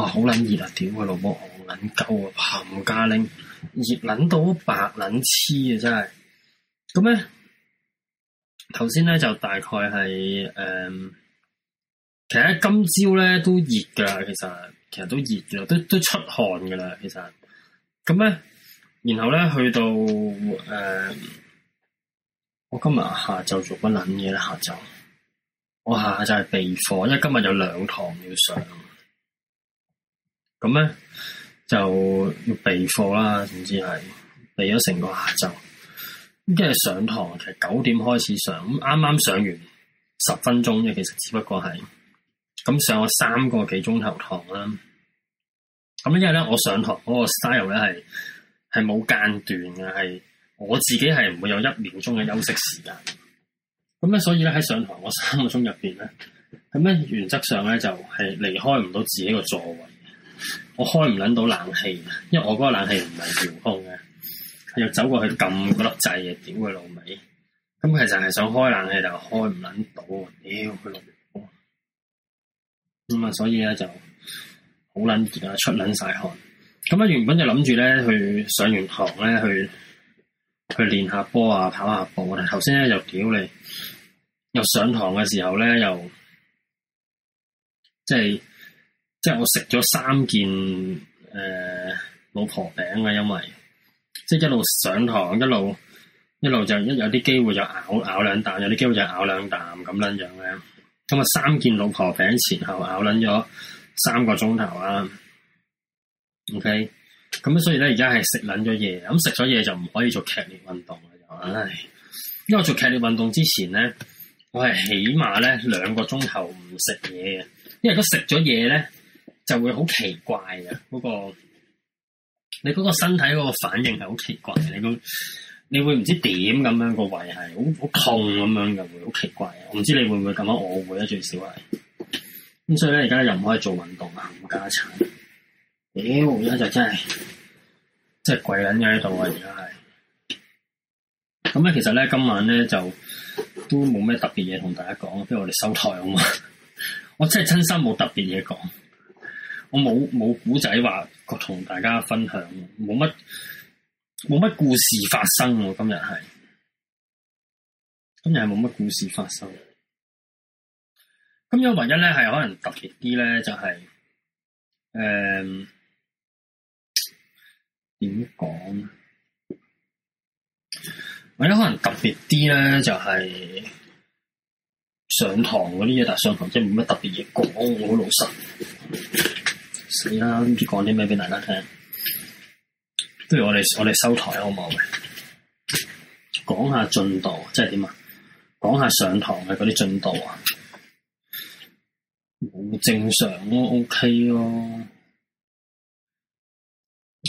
哇！好捻熱啊，屌個老婆好捻夠啊，冚家拎，熱捻到白捻黐啊，真係。咁咧，頭先咧就大概係誒、嗯，其實今朝咧都熱噶，其實其實都熱，都都出汗噶啦，其實。咁咧，然後咧去到誒、嗯，我今日下晝做乜捻嘢呢？下晝。我下下晝係備課，因為今日有兩堂要上。咁咧就要備課啦，總之係備咗成個下晝。咁即係上堂，其實九點開始上，咁啱啱上完十分鐘啫。其實只不過係咁上咗三個幾鐘頭堂啦。咁因為咧，我上堂嗰個 style 咧係係冇間斷嘅，係我自己係唔會有一秒鐘嘅休息時間。咁咧，所以咧喺上堂嗰三個鐘入邊咧，咁咧原則上咧就係離開唔到自己個座位。我開唔捻到冷氣啊，因為我嗰個冷氣唔係遙控嘅，要走過去撳嗰粒掣啊，屌佢老味。咁其實係想開冷氣就開唔捻到，屌、哎、佢老母！咁啊，所以咧就好捻熱啊，出捻晒汗。咁啊，原本就諗住咧去上完堂咧去去練下波啊，跑下步啊。頭先咧又屌你，又上堂嘅時候咧又即係。即係我食咗三件誒、呃、老婆餅啊，因為即係一路上堂，一路一路就一有啲機會就咬咬兩啖，有啲機會就咬兩啖咁樣樣嘅。咁啊，三件老婆餅前後咬捻咗三個鐘頭啦。OK，咁所以咧而家係食捻咗嘢，咁食咗嘢就唔可以做劇烈運動啊就唉，因為我做劇烈運動之前咧，我係起碼咧兩個鐘頭唔食嘢嘅，因為如果食咗嘢咧。就會好奇怪嘅，嗰、那個你嗰個身體嗰個反應係好奇怪的你，都你會，的、那個、的會怪的你會唔知點咁樣個胃係好好痛咁樣嘅，會好奇怪嘅。我唔知你會唔會咁樣，我會咧最少係咁，所以咧而家又唔可以做運動、哎、啊，唔加產。屌，而家就真係真係跪緊喺度啊！而家係咁咧，其實咧今晚咧就都冇咩特別嘢同大家講，不如我哋收台啊嘛。我真係真心冇特別嘢講。我冇冇古仔話同大家分享，冇乜冇乜故事發生。今日係今日係冇乜故事發生。咁因為原因咧，係可能特別啲咧，就係誒點講？或者可能特別啲咧，就係上堂嗰啲嘢，但上堂真係冇乜特別嘢講。我好老實。死啦！唔知講啲咩俾大家聽。不如我哋我哋收台好唔好？講下進度，即係點啊？講下上堂嘅嗰啲進度啊。好正常都 OK 咯。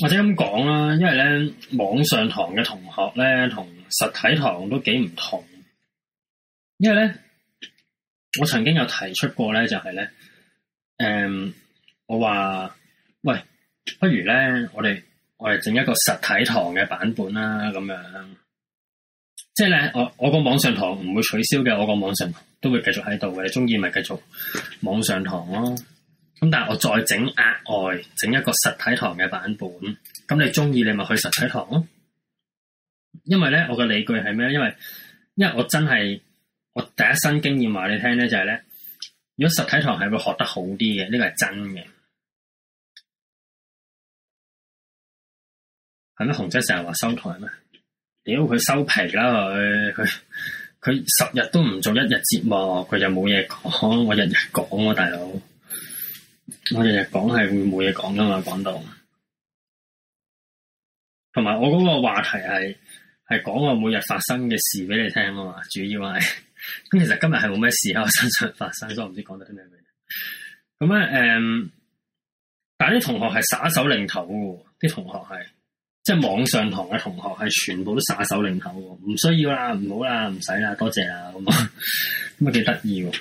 或者咁講啦，因為咧網上堂嘅同學咧，同實體堂都幾唔同。因為咧，我曾經有提出過咧，就係、是、咧，誒、嗯。我話喂，不如咧，我哋我哋整一個實體堂嘅版本啦，咁樣，即係咧，我我個網上堂唔會取消嘅，我個網上堂都會繼續喺度嘅，你中意咪繼續網上堂咯。咁但係我再整額外整一個實體堂嘅版本，咁你中意你咪去實體堂咯。因為咧，我嘅理據係咩咧？因為因為我真係我第一身經驗話你聽咧，就係咧，如果實體堂係會學得好啲嘅，呢個係真嘅。咁阿洪姐成日話收台咩？屌佢收皮啦，佢佢佢十日都唔做一日節目，佢就冇嘢講。我日日講喎大佬，我日日講係會冇嘢講噶嘛？講到，同埋我嗰個話題係係講我每日發生嘅事俾你聽啊嘛，主要係咁，其實今日係冇咩事喺我身上發生，所以我唔知講得啲咩咁咧誒，但係啲同學係耍手擰頭嘅，啲同學係。即係網上堂嘅同學係全部都耍手擰頭，唔需要啦，唔好啦，唔使啦，多謝啦，咁啊咁啊幾得意喎，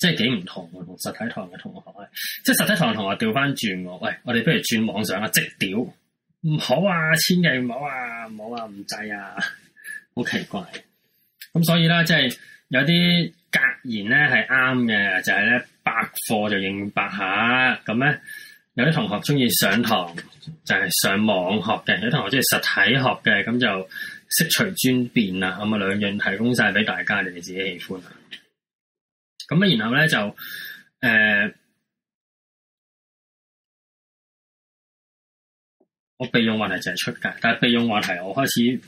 即係幾唔同喎，同實體堂嘅同學，即係實體堂嘅同學調翻轉喎，喂，我哋不如轉網上啊，即屌，唔好啊，千祈唔好啊，唔好啊，唔制啊，好奇怪，咁所以咧，即係有啲格言咧係啱嘅，就係、是、咧百貨就應百客，咁咧。有啲同學中意上堂，就係、是、上網學嘅；有啲同學中意實體學嘅，咁就適隨尊便啦。咁啊，兩樣提供晒俾大家，你哋自己喜歡啦。咁啊，然後咧就誒、呃，我備用話題就係出街。但係備用話題我開始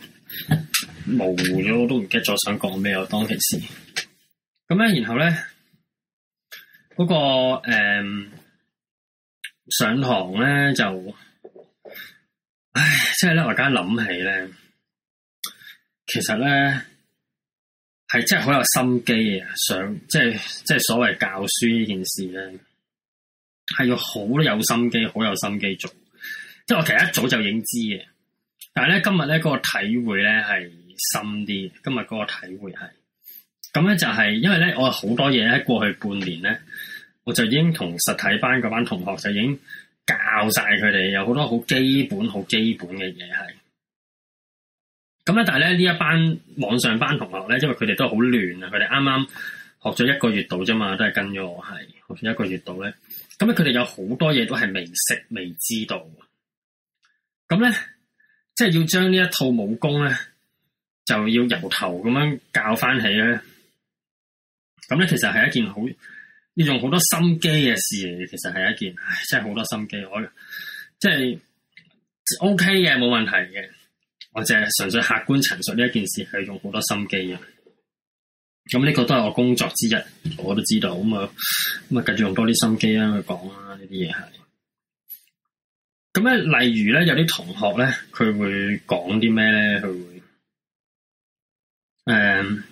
模糊咗，我都唔記得咗想講咩我當其時，咁咧，然後咧嗰、那個誒。呃上堂咧就，唉，即係咧，我而家諗起咧，其實咧係真係好有心機嘅，上即係即係所謂教書呢件事咧，係要好有心機、好有心機做。即係我其實一早就已經知嘅，但係咧今日咧、嗰個體會咧係深啲。今日嗰個體會係，咁咧就係、是、因為咧我好多嘢咧過去半年咧。我就已經同實體班嗰班同學就已經教晒佢哋，有好多好基本、好基本嘅嘢係。咁咧，但係咧呢一班網上班同學咧，因為佢哋都係好亂啊，佢哋啱啱學咗一個月度啫嘛，都係跟咗我係學咗一個月度咧。咁咧，佢哋有好多嘢都係未識、未知道。咁咧，即係要將呢一套武功咧，就要由頭咁樣教翻起咧。咁咧，其實係一件好。要用好多心機嘅事，嚟，其實係一件，唉，真係好多心機。我即係 OK 嘅，冇、OK、問題嘅。我淨係純粹客觀陳述呢一件事係用好多心機嘅。咁呢個都係我工作之一，我都知道。咁啊，咁啊，繼續用多啲心機啊去講啦，這些東西呢啲嘢係。咁咧，例如咧，有啲同學咧，佢會講啲咩咧？佢會，誒、嗯，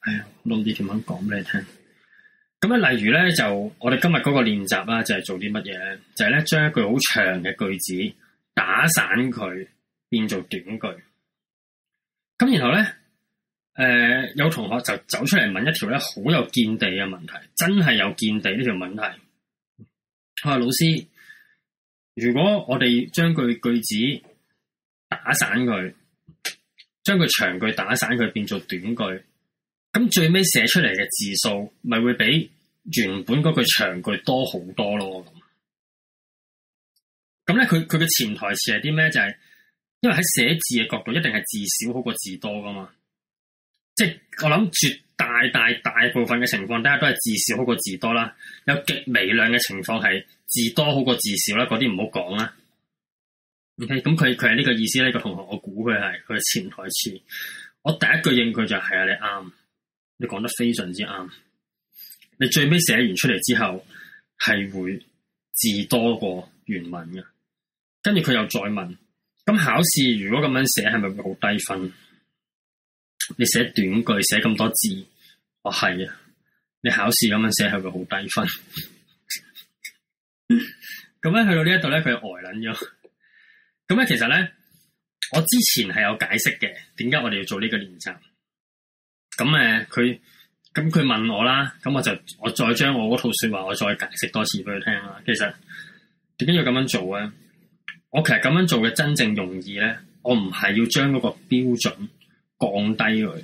係啊，錄啲點樣講俾你聽。咁啊，例如咧，就我哋今日嗰個練習啊，就係做啲乜嘢？就係咧，將一句好長嘅句子打散佢，變做短句。咁然後咧，誒，有同學就走出嚟問一條咧好有見地嘅問題，真係有見地呢條問題。佢話老師，如果我哋將句句子打散佢，將佢長句打散佢，變做短句。咁最尾寫出嚟嘅字數咪會比原本嗰句長句多好多咯？咁咁咧，佢佢嘅潛台詞係啲咩？就係因為喺寫字嘅角度，一定係字少好過字多噶嘛。即係我諗絕大大大部分嘅情況，大家都係字少好過字多啦。有極微量嘅情況係字多好過字少啦，嗰啲唔好講啦。OK，咁佢佢係呢個意思咧。這個同學，我估佢係佢嘅潛台詞。我第一句應佢就係啊，你啱。你講得非常之啱，你最尾寫完出嚟之後係會字多過原文嘅，跟住佢又再問：咁考試如果咁樣寫，係咪會好低分？你寫短句寫咁多字，我係啊，你考試咁樣寫係會好低分。咁咧去到呢一度咧，佢又呆捻咗。咁咧其實咧，我之前係有解釋嘅，點解我哋要做呢個練習。咁、嗯、誒，佢咁佢問我啦，咁我就我再將我嗰套說話，我再解釋多次俾佢聽啦。其實點解要咁樣做咧？我其實咁樣做嘅真正用意咧，我唔係要將嗰個標準降低佢。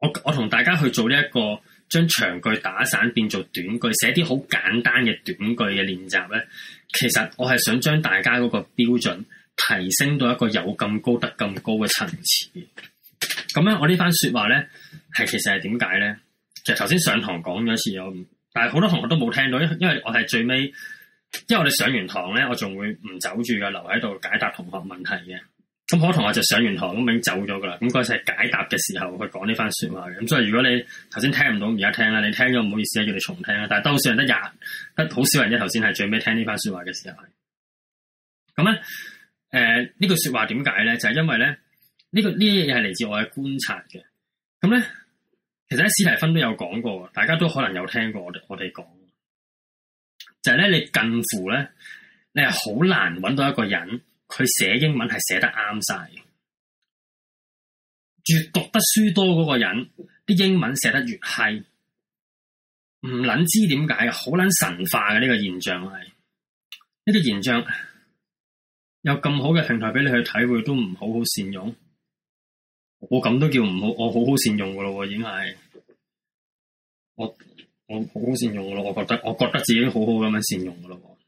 我我同大家去做呢、這、一個將長句打散變做短句，寫啲好簡單嘅短句嘅練習咧，其實我係想將大家嗰個標準提升到一個有咁高得咁高嘅層次。咁咧，我呢番說話咧，係其實係點解咧？其實頭先上堂講咗一次，我但係好多同學都冇聽到，因因為我係最尾，因為我哋上完堂咧，我仲會唔走住嘅，留喺度解答同學問題嘅。咁好多同學就上完堂咁已經走咗噶啦。咁嗰時係解答嘅時候去講呢番說話嘅。咁所以如果你頭先聽唔到，而家聽啦，你聽咗唔好意思啊，叫你重聽啦。但係都好少人得廿，得好少人啫。頭先係最尾聽呢番說話嘅時候。咁咧，誒，呃，呢句說話點解咧？就係因為咧。呢、這個呢一樣嘢係嚟自我嘅觀察嘅，咁咧其實喺史提芬都有講過，大家都可能有聽過我我哋講的，就係、是、咧你近乎咧，你係好難揾到一個人，佢寫英文係寫得啱晒，越讀得書多嗰個人，啲英文寫得越係，唔捻知點解？好捻神化嘅呢個現象係呢啲現象，有咁好嘅平台俾你去體會，都唔好好善用。我咁都叫唔好，我好好善用喇咯，已經係我我好好善用㗎咯。我覺得，我覺得自己好好咁樣善用噶咯。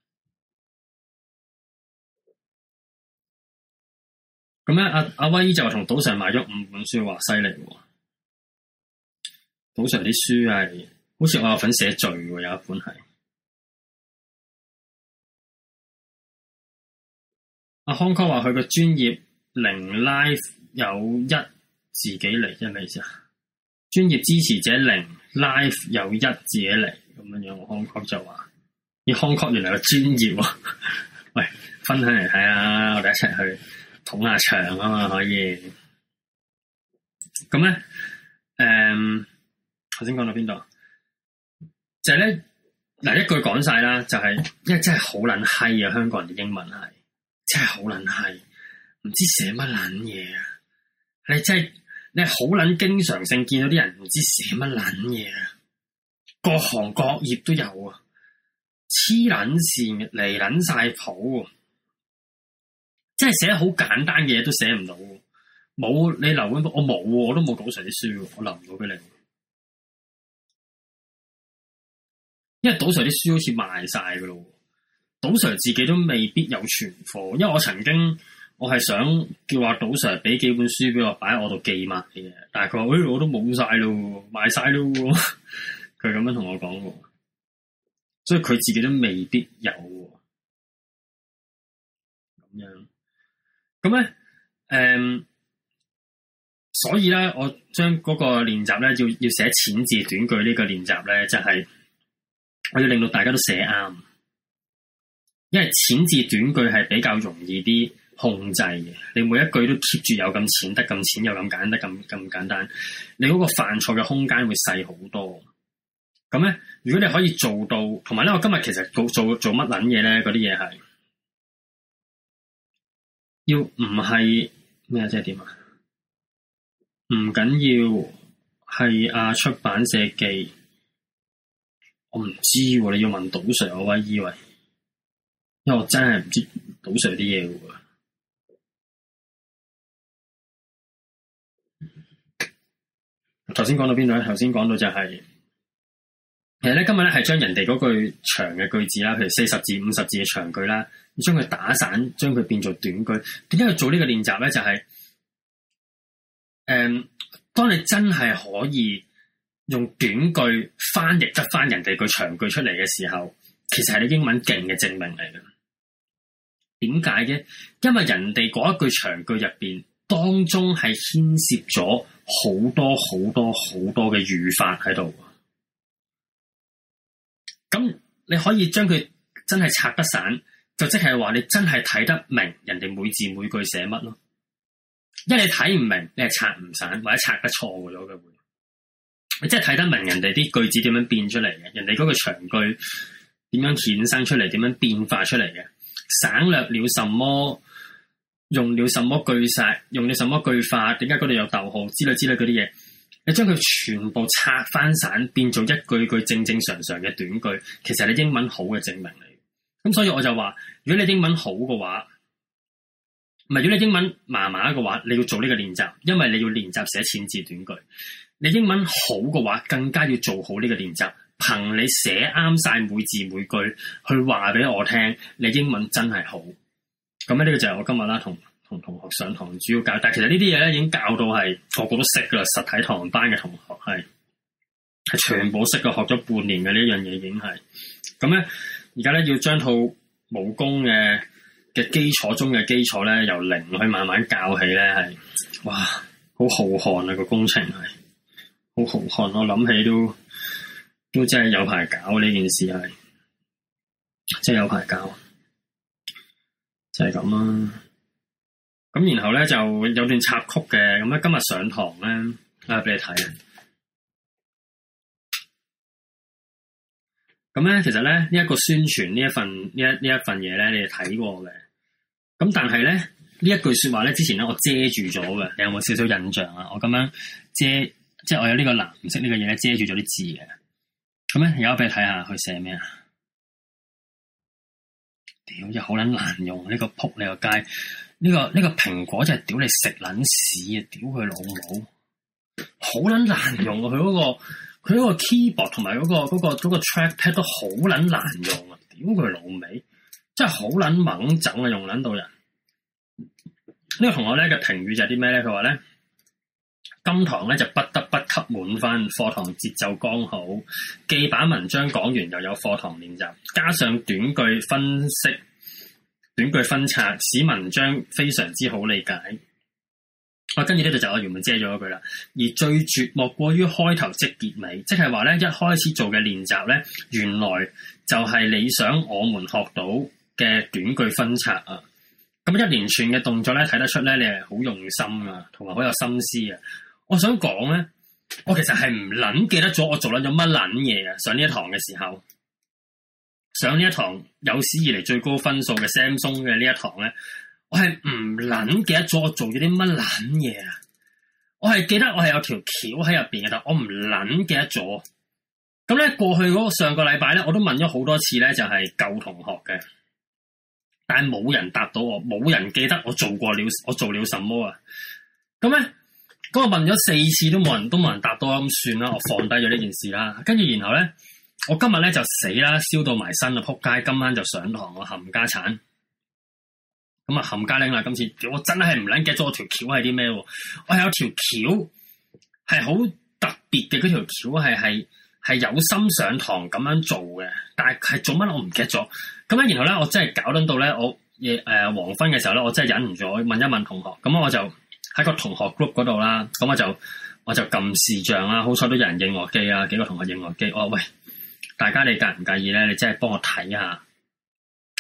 咁咧，阿阿威就就同賭神買咗五本書，話犀利。賭神啲書係，好似我有份寫序，有一本係阿康哥話佢個專業零 life 有一。自己嚟，即係咩意思啊？專業支持者零，live 有一自己嚟咁樣樣。Hong Kong 就話，你 Hong Kong 原來有專業喎、啊。喂，分享嚟睇下，我哋一齊去捧下場啊嘛，可以。咁、嗯、咧，誒、嗯，頭先講到邊度？就係、是、咧，嗱，一句講晒啦，就係、是，因為真係好撚閪啊！香港人嘅英文係真係好撚閪，唔知寫乜撚嘢啊！你真係～你好撚經常性見到啲人唔知寫乜撚嘢啊！各行各業都有啊，黐撚綫嚟撚晒譜，即係寫好簡單嘅嘢都寫唔到。冇你留本，我冇，我都冇賭 Sir 啲書，我留唔到俾你。因為賭 Sir 啲書好似賣晒噶咯，賭 Sir 自己都未必有存貨，因為我曾經。我係想叫阿賭 Sir 俾幾本書俾我擺喺我度記埋嘅，但係佢話，誒，我都冇晒咯，賣晒咯，佢咁樣同我講嘅，所以佢自己都未必有咁樣、樣。咁咧，誒、嗯，所以咧，我將嗰個練習咧，要要寫淺字短句呢個練習咧，就係我要令到大家都寫啱，因為淺字短句係比較容易啲。控制嘅，你每一句都 keep 住有咁淺，得咁淺，又咁簡單，得咁咁簡單。你嗰個犯錯嘅空間會細好多。咁咧，如果你可以做到，同埋咧，我今日其實做做做乜撚嘢咧？嗰啲嘢係要唔係咩？即係點啊？唔緊要，係啊！出版社記，我唔知喎、啊，你要問島 Sir 我啊威以為，因為我真係唔知島 Sir 啲嘢喎。頭先講到邊度咧？頭先講到就係，其實咧今日咧係將人哋嗰句長嘅句子啦，譬如四十至五十字嘅長句啦，將佢打散，將佢變做短句。點解要做呢個練習咧？就係，誒，當你真係可以用短句翻譯得翻人哋句長句出嚟嘅時候，其實係你英文勁嘅證明嚟嘅。點解嘅？因為人哋嗰一句長句入邊當中係牽涉咗。好多好多好多嘅語法喺度，咁你可以將佢真係拆得散，就即係話你真係睇得明人哋每字每句寫乜咯。因為你睇唔明，你係拆唔散或者拆得錯咗嘅。你真係睇得明人哋啲句子點樣變出嚟嘅，人哋嗰個長句點樣衍生出嚟，點樣變化出嚟嘅，省略了什麼？用了什麼句式，用了什麼句法，點解嗰度有逗號，之類之類嗰啲嘢，你將佢全部拆翻散，變做一句句正正常常嘅短句，其實係你英文好嘅證明嚟。咁所以我就話，如果你英文好嘅話，唔係如果你英文麻麻嘅話，你要做呢個練習，因為你要練習寫淺字短句。你英文好嘅話，更加要做好呢個練習，憑你寫啱晒每字每句，去話俾我聽，你英文真係好。咁、咧、呢個就係我今日啦，同同同學上堂主要教，但係其實呢啲嘢咧已經教到係個個都識噶啦，實體堂班嘅同學係係全部識噶，學咗半年嘅呢樣嘢已經係。咁咧而家咧要將套武功嘅嘅基礎中嘅基礎咧由零去慢慢教起咧係，哇，好浩瀚啊，個工程係，好浩瀚。我諗起都都真係有排搞呢件事係，真係有排教。就係咁啦，咁然後咧就有段插曲嘅，咁咧今日上堂咧，啊俾你睇，咁咧其實咧呢一個宣傳呢一份呢一呢一份嘢咧，你哋睇過嘅，咁但係咧呢一句說話咧，之前咧我遮住咗嘅，你有冇少少印象啊？我咁樣遮，即係我有呢個藍色呢個嘢咧遮住咗啲字嘅，咁咧有冇俾你睇下佢寫咩啊？屌，真係好撚難用！呢、這個扑你個街，呢、這個呢、這個蘋果就係屌你食撚屎啊！屌佢老母，好撚難用啊！佢嗰、那個佢嗰個 keyboard 同埋嗰個、那個、那個 trackpad 都好撚難用啊！屌佢老味，真係好撚猛整啊！用撚到人、這個、呢個同學咧嘅評語就係啲咩咧？佢話咧。金堂咧就不得不吸滿返課堂節奏剛好，既把文章講完，又有課堂練習，加上短句分析、短句分拆，使文章非常之好理解。我跟住呢度就我原本遮咗一句啦，而最絕莫過於開頭即結尾，即係話咧，一開始做嘅練習咧，原來就係你想我們學到嘅短句分拆啊。咁一連串嘅動作咧，睇得出咧，你係好用心啊，同埋好有心思啊。我想講咧，我其實係唔捻記得咗我做捻咗乜捻嘢啊！上呢一堂嘅時候，上呢一堂有史以嚟最高分數嘅 Samsung 嘅呢一堂咧，我係唔捻記得咗我做咗啲乜捻嘢啊！我係記得我係有條橋喺入邊嘅，但我唔捻記得咗。咁咧過去嗰個上個禮拜咧，我都問咗好多次咧，就係舊同學嘅，但係冇人答到我，冇人記得我做過了，我做了什麼啊？咁咧。咁我問咗四次都冇人都冇人答到，咁算啦，我放低咗呢件事啦。跟住然後咧，我今日咧就死啦，燒到埋身啦，扑街！今晚就上堂我冚家鏟咁啊冚家嶺啦！今次我真係唔撚記得咗條橋係啲咩，我係有條橋係好特別嘅，嗰條橋係係係有心上堂咁樣做嘅，但係係做乜我唔記得咗。咁樣然後咧，我真係搞得到到咧，我誒、呃、黃昏嘅時候咧，我真係忍唔住問一問同學，咁我就。喺個同學 group 嗰度啦，咁我就我就撳視像啦，好彩都有人應我機啊，幾個同學應我機，我話喂，大家你介唔介意咧？你真係幫我睇下，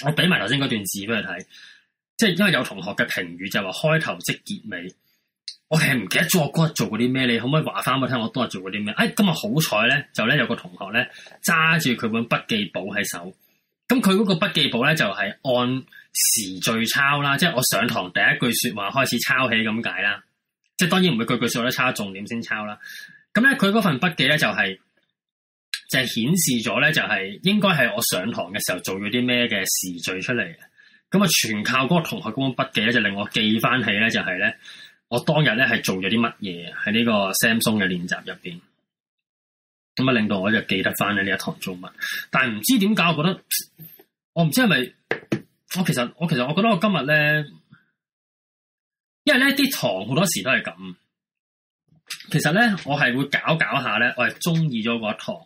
我俾埋頭先嗰段字俾你睇，即係因為有同學嘅評語就係話開頭即結尾，我係唔記得咗我嗰日做過啲咩，你可唔可以話翻俾我聽？我嗰日做過啲咩？哎，今日好彩咧，就咧有個同學咧揸住佢本筆記簿喺手，咁佢嗰個筆記簿咧就係按。時序抄啦，即係我上堂第一句說話開始抄起咁解啦，即係當然唔會句句說話都抄，重點先抄啦。咁咧，佢嗰份筆記咧就係就係顯示咗咧，就係、是、應該係我上堂嘅時候做咗啲咩嘅時序出嚟嘅。咁啊，全靠嗰個同學工筆記咧，就令我記翻起咧，就係咧我當日咧係做咗啲乜嘢喺呢個 Samsung 嘅練習入邊，咁啊，令到我就記得翻咧呢一堂中文。但係唔知點解，我覺得我唔知係咪。我其實我其實我覺得我今日咧，因為咧啲堂好多時都係咁，其實咧我係會搞搞下咧，我係中意咗嗰堂，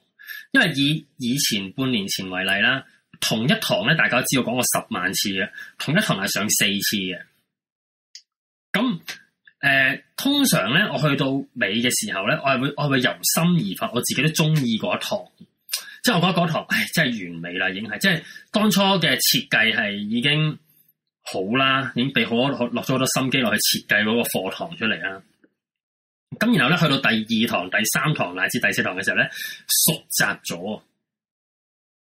因為以以前半年前為例啦，同一堂咧大家都知道講過十萬次嘅，同一堂係上四次嘅，咁誒、呃、通常咧我去到尾嘅時候咧，我係會我係會由心而發，我自己都中意嗰一堂。即係我覺得嗰堂、哎、真係完美啦，已經係即係當初嘅設計係已經好啦，已經俾好多落咗好多心機落去設計嗰個課堂出嚟啦。咁然後咧去到第二堂、第三堂乃至第四堂嘅時候咧，熟習咗。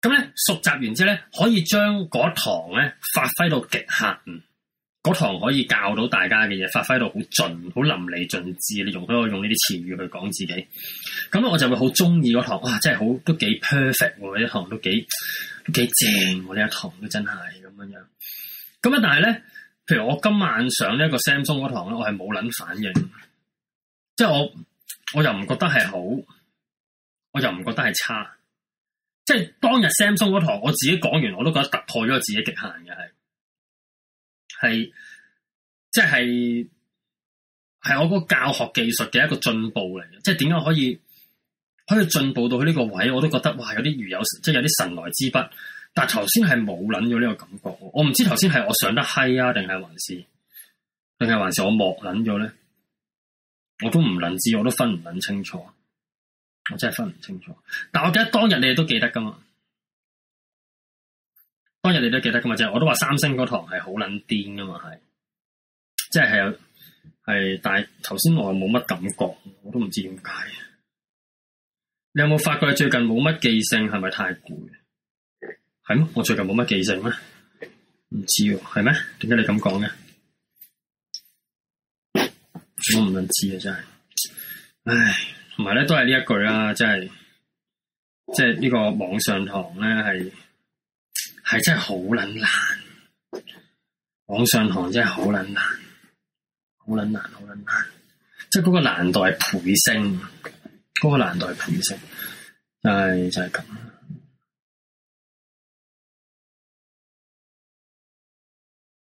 咁咧熟習完之後咧，可以將嗰堂咧發揮到極限。嗰堂可以教到大家嘅嘢，發揮到好盡，好淋漓盡致。你容許我用呢啲詞語去講自己，咁我就會好中意嗰堂。哇，真係好，都幾 perfect 喎、啊！呢堂都幾都幾正喎、啊！呢一堂真係咁樣樣。咁啊，但係咧，譬如我今晚上呢一個 Samsung 嗰堂咧，我係冇捻反應，即係我我又唔覺得係好，我又唔覺得係差。即係當日 Samsung 嗰堂，我自己講完，我都覺得突破咗我自己極限嘅係。係，即係係我嗰個教學技術嘅一個進步嚟嘅，即係點解可以可以進步到去呢個位，我都覺得哇，有啲如有即係、就是、有啲神來之筆。但係頭先係冇諗咗呢個感覺，我唔知頭先係我上得嗨啊，定係還是定係還是我莫諗咗咧？我都唔諗知，我都分唔諗清楚，我真係分唔清楚。但係我記得當日你哋都記得噶嘛。當日你都記得噶嘛？即係我都話三星嗰堂係好捻癲噶嘛？係即係係係，但係頭先我又冇乜感覺，我都唔知點解。你有冇發覺你最近冇乜記性是不是太？係咪太攰？係咩？我最近冇乜記性咩？唔知喎，係咩？點解你咁講嘅？我唔能知啊！真係，唉，同埋咧都係呢一句啦，即係即係呢個網上堂咧係。係真係好撚難，往上行真係好撚難，好撚難，好撚難，難。即係嗰個難度係倍升，嗰個難度係倍升，但係就係咁。哦。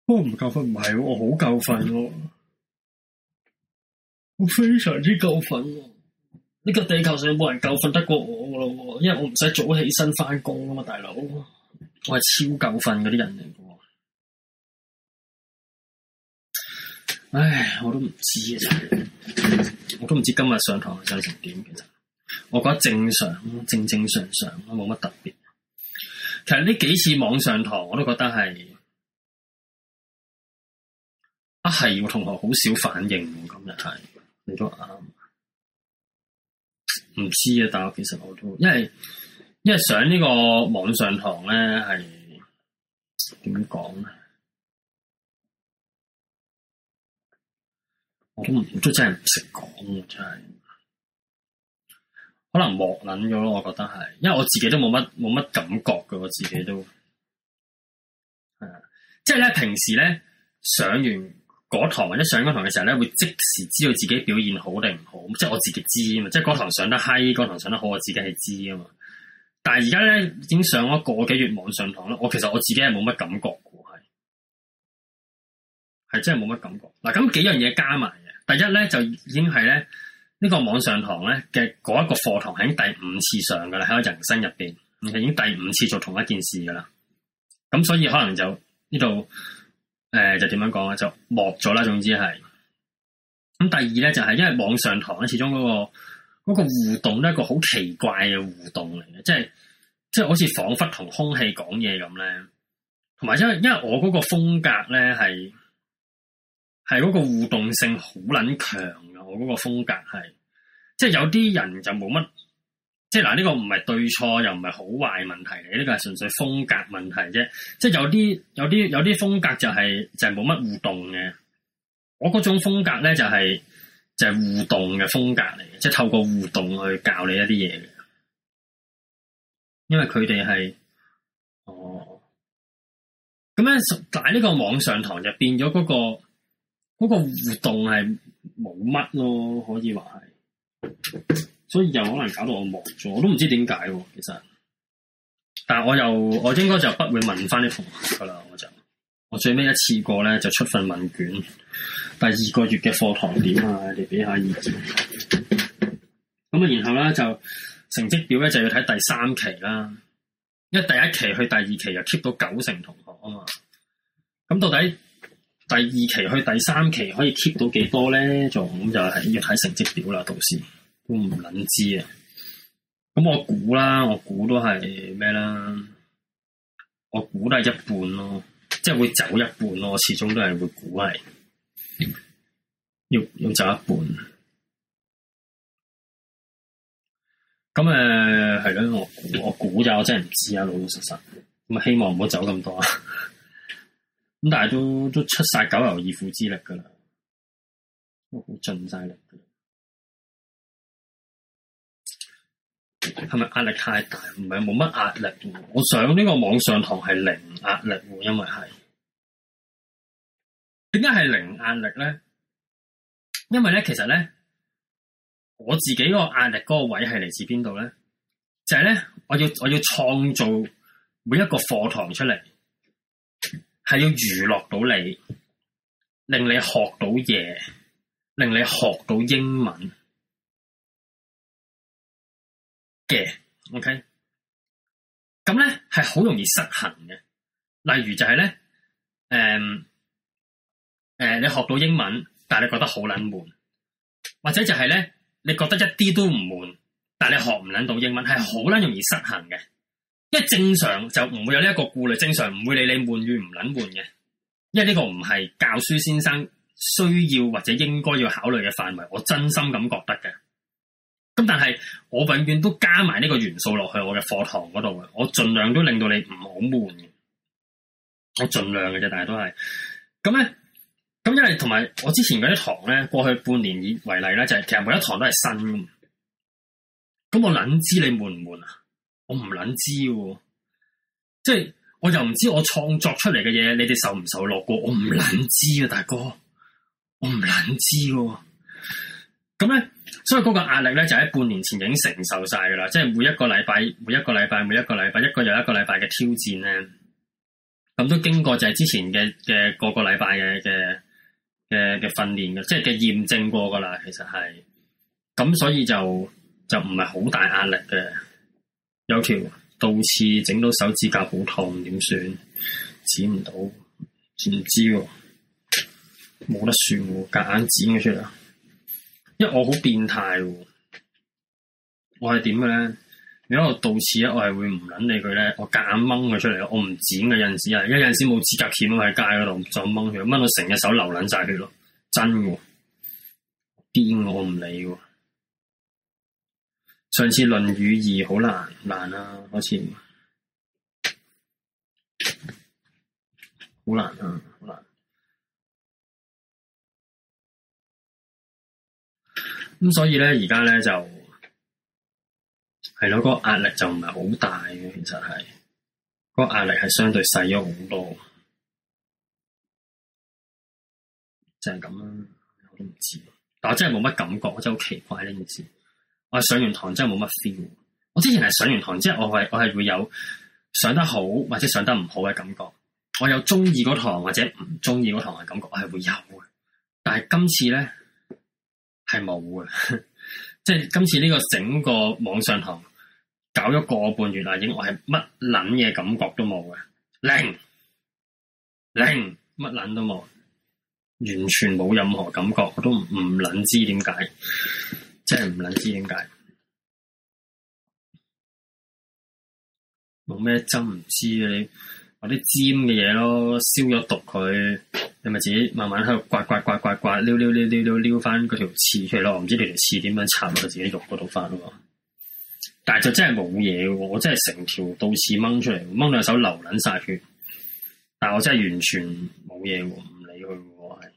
不過我唔夠瞓唔係，我好夠瞓，我非常之夠瞓。呢個地球上冇人夠瞓得過我噶咯，因為我唔使早起身翻工，啊嘛，大佬。我係超夠瞓嗰啲人嚟嘅，唉，我都唔知啊，真係，我都唔知今日上堂上成點，其實，我覺得正常，正正常常，都冇乜特別。其實呢幾次網上堂，我都覺得係，啊係，個同學好少反應，咁日係，你都啱，唔知啊，但我其實我都，因為。因為上呢個網上堂咧，係點講咧？我都真係唔識講，真係可能磨捻咗咯。我覺得係，因為我自己都冇乜冇乜感覺噶。我自己都係、嗯、啊，即係咧平時咧上完嗰堂或者上嗰堂嘅時候咧，會即時知道自己表現好定唔好，即係我自己知啊嘛。即係嗰堂上得嗨，嗰堂上得好，我自己係知啊嘛。但係而家咧已經上咗個幾月網上堂啦，我其實我自己係冇乜感覺嘅，係係真係冇乜感覺。嗱咁幾樣嘢加埋嘅，第一咧就已經係咧呢個網上堂咧嘅嗰一個課堂係已，已經第五次上噶啦，喺我人生入邊係已經第五次做同一件事噶啦。咁所以可能就呢度誒就點樣講咧？就磨咗啦，總之係咁。第二咧就係、是、因為網上堂咧始終嗰、那個。嗰個互動咧，一個好奇怪嘅互動嚟嘅，即係即係好似仿佛同空氣講嘢咁咧。同埋，因為因為我嗰個風格咧，係係嗰個互動性好捻強㗎。我嗰個風格係，即係有啲人就冇乜，即係嗱呢個唔係對錯，又唔係好壞問題嚟，呢個係純粹風格問題啫。即係有啲有啲有啲風格就係就係冇乜互動嘅。我嗰種風格咧就係。就係、是、互動嘅風格嚟，即係透過互動去教你一啲嘢嘅。因為佢哋係，哦，咁樣，但係呢個網上堂就變咗嗰、那個，那個互動係冇乜咯，可以話係。所以又可能搞到我忙咗，我都唔知點解。其實，但係我又，我應該就唔會問翻啲同學噶啦。我就，我最尾一次過咧，就出份問卷。第二個月嘅課堂點啊，你俾下意見。咁啊，然後咧就成績表咧就要睇第三期啦。因為第一期去第二期就 keep 到九成同學啊嘛。咁到底第二期去第三期可以 keep 到幾多咧？仲咁就係要睇成績表啦。到時都唔捻知啊。咁我估啦，我估都係咩啦？我估都係一半咯，即係會走一半咯。我始終都係會估係。要要走一半，咁誒係咯，我我估咋，我真係唔知啊，老老實實咁啊，希望唔好走咁多啊，咁 但係都都出晒九牛二虎之力噶啦，都好盡晒力，係咪壓力太大？唔係冇乜壓力，我上呢個網上堂係零壓力，因為係點解係零壓力咧？因為咧，其實咧，我自己嗰個壓力嗰個位係嚟自邊度咧？就係、是、咧，我要我要創造每一個課堂出嚟，係要娛樂到你，令你學到嘢，令你學到英文嘅。OK，咁咧係好容易失衡嘅。例如就係咧，誒、嗯、誒、呃，你學到英文。但係你覺得好撚悶，或者就係咧，你覺得一啲都唔悶，但係你學唔捻到英文係好捻容易失衡嘅，因為正常就唔會有呢一個顧慮，正常唔會理你悶與唔捻悶嘅，因為呢個唔係教書先生需要或者應該要考慮嘅範圍，我真心咁覺得嘅。咁但係我永遠都加埋呢個元素落去我嘅課堂嗰度嘅，我盡量都令到你唔好悶，我盡量嘅啫，但係都係咁咧。咁因為同埋我之前嗰啲堂咧，過去半年以為例咧，就係其實每一堂都係新嘅。咁我諗知你悶唔悶啊？我唔諗知，即係我又唔知我創作出嚟嘅嘢，你哋受唔受落過？我唔諗知啊，大哥，我唔諗知喎！咁咧，所以嗰個壓力咧，就喺半年前已經承受晒噶啦。即係每一個禮拜，每一個禮拜，每一個禮拜，一個又一個禮拜嘅挑戰咧，咁都經過就係之前嘅嘅個個禮拜嘅嘅。嘅嘅訓練嘅，即係嘅驗證過噶啦，其實係咁，所以就就唔係好大壓力嘅。有一條倒刺整到手指甲好痛，點算？剪唔到，唔知喎，冇得算喎，夾硬，硬剪咗出嚟，因為我好變態喎，我係點嘅咧？如果我到此咧，我係會唔捻理佢咧？我夾硬掹佢出嚟，我唔剪嘅陣時啊，有陣時冇指甲鉗喺街嗰度，就掹佢，掹到成隻手流捻晒血咯，真嘅。癲我唔理喎。上次論語二好難，難啊，好似好難啊，好難，啊。咁、啊、所以咧，而家咧就。係咯，個壓力就唔係好大嘅，其實係個壓力係相對細咗好多，就係咁啦。我都唔知，但我真係冇乜感覺，我真係好奇怪呢件事。我上完堂真係冇乜 feel。我之前係上完堂，即係我係我係會有上得好或者上得唔好嘅感覺。我有中意嗰堂或者唔中意嗰堂嘅感覺，係會有嘅。但係今次咧係冇嘅，即係今次呢 今次個整個網上堂。搞咗個半月已經我係乜捻嘢感覺都冇嘅，零零乜捻都冇，完全冇任何感覺，我都唔捻知點解，真係唔捻知點解。冇咩針唔知啊，攞啲尖嘅嘢咯，燒咗毒佢，你咪自己慢慢喺度刮刮,刮刮刮刮刮，撩撩撩撩撩撩翻嗰條刺出嚟咯，我唔知條刺點樣插到自己肉嗰度翻咯。但係就真係冇嘢喎。我真係成條倒刺掹出嚟，掹兩手流捻晒血。但係我真係完全冇嘢，唔理佢。我係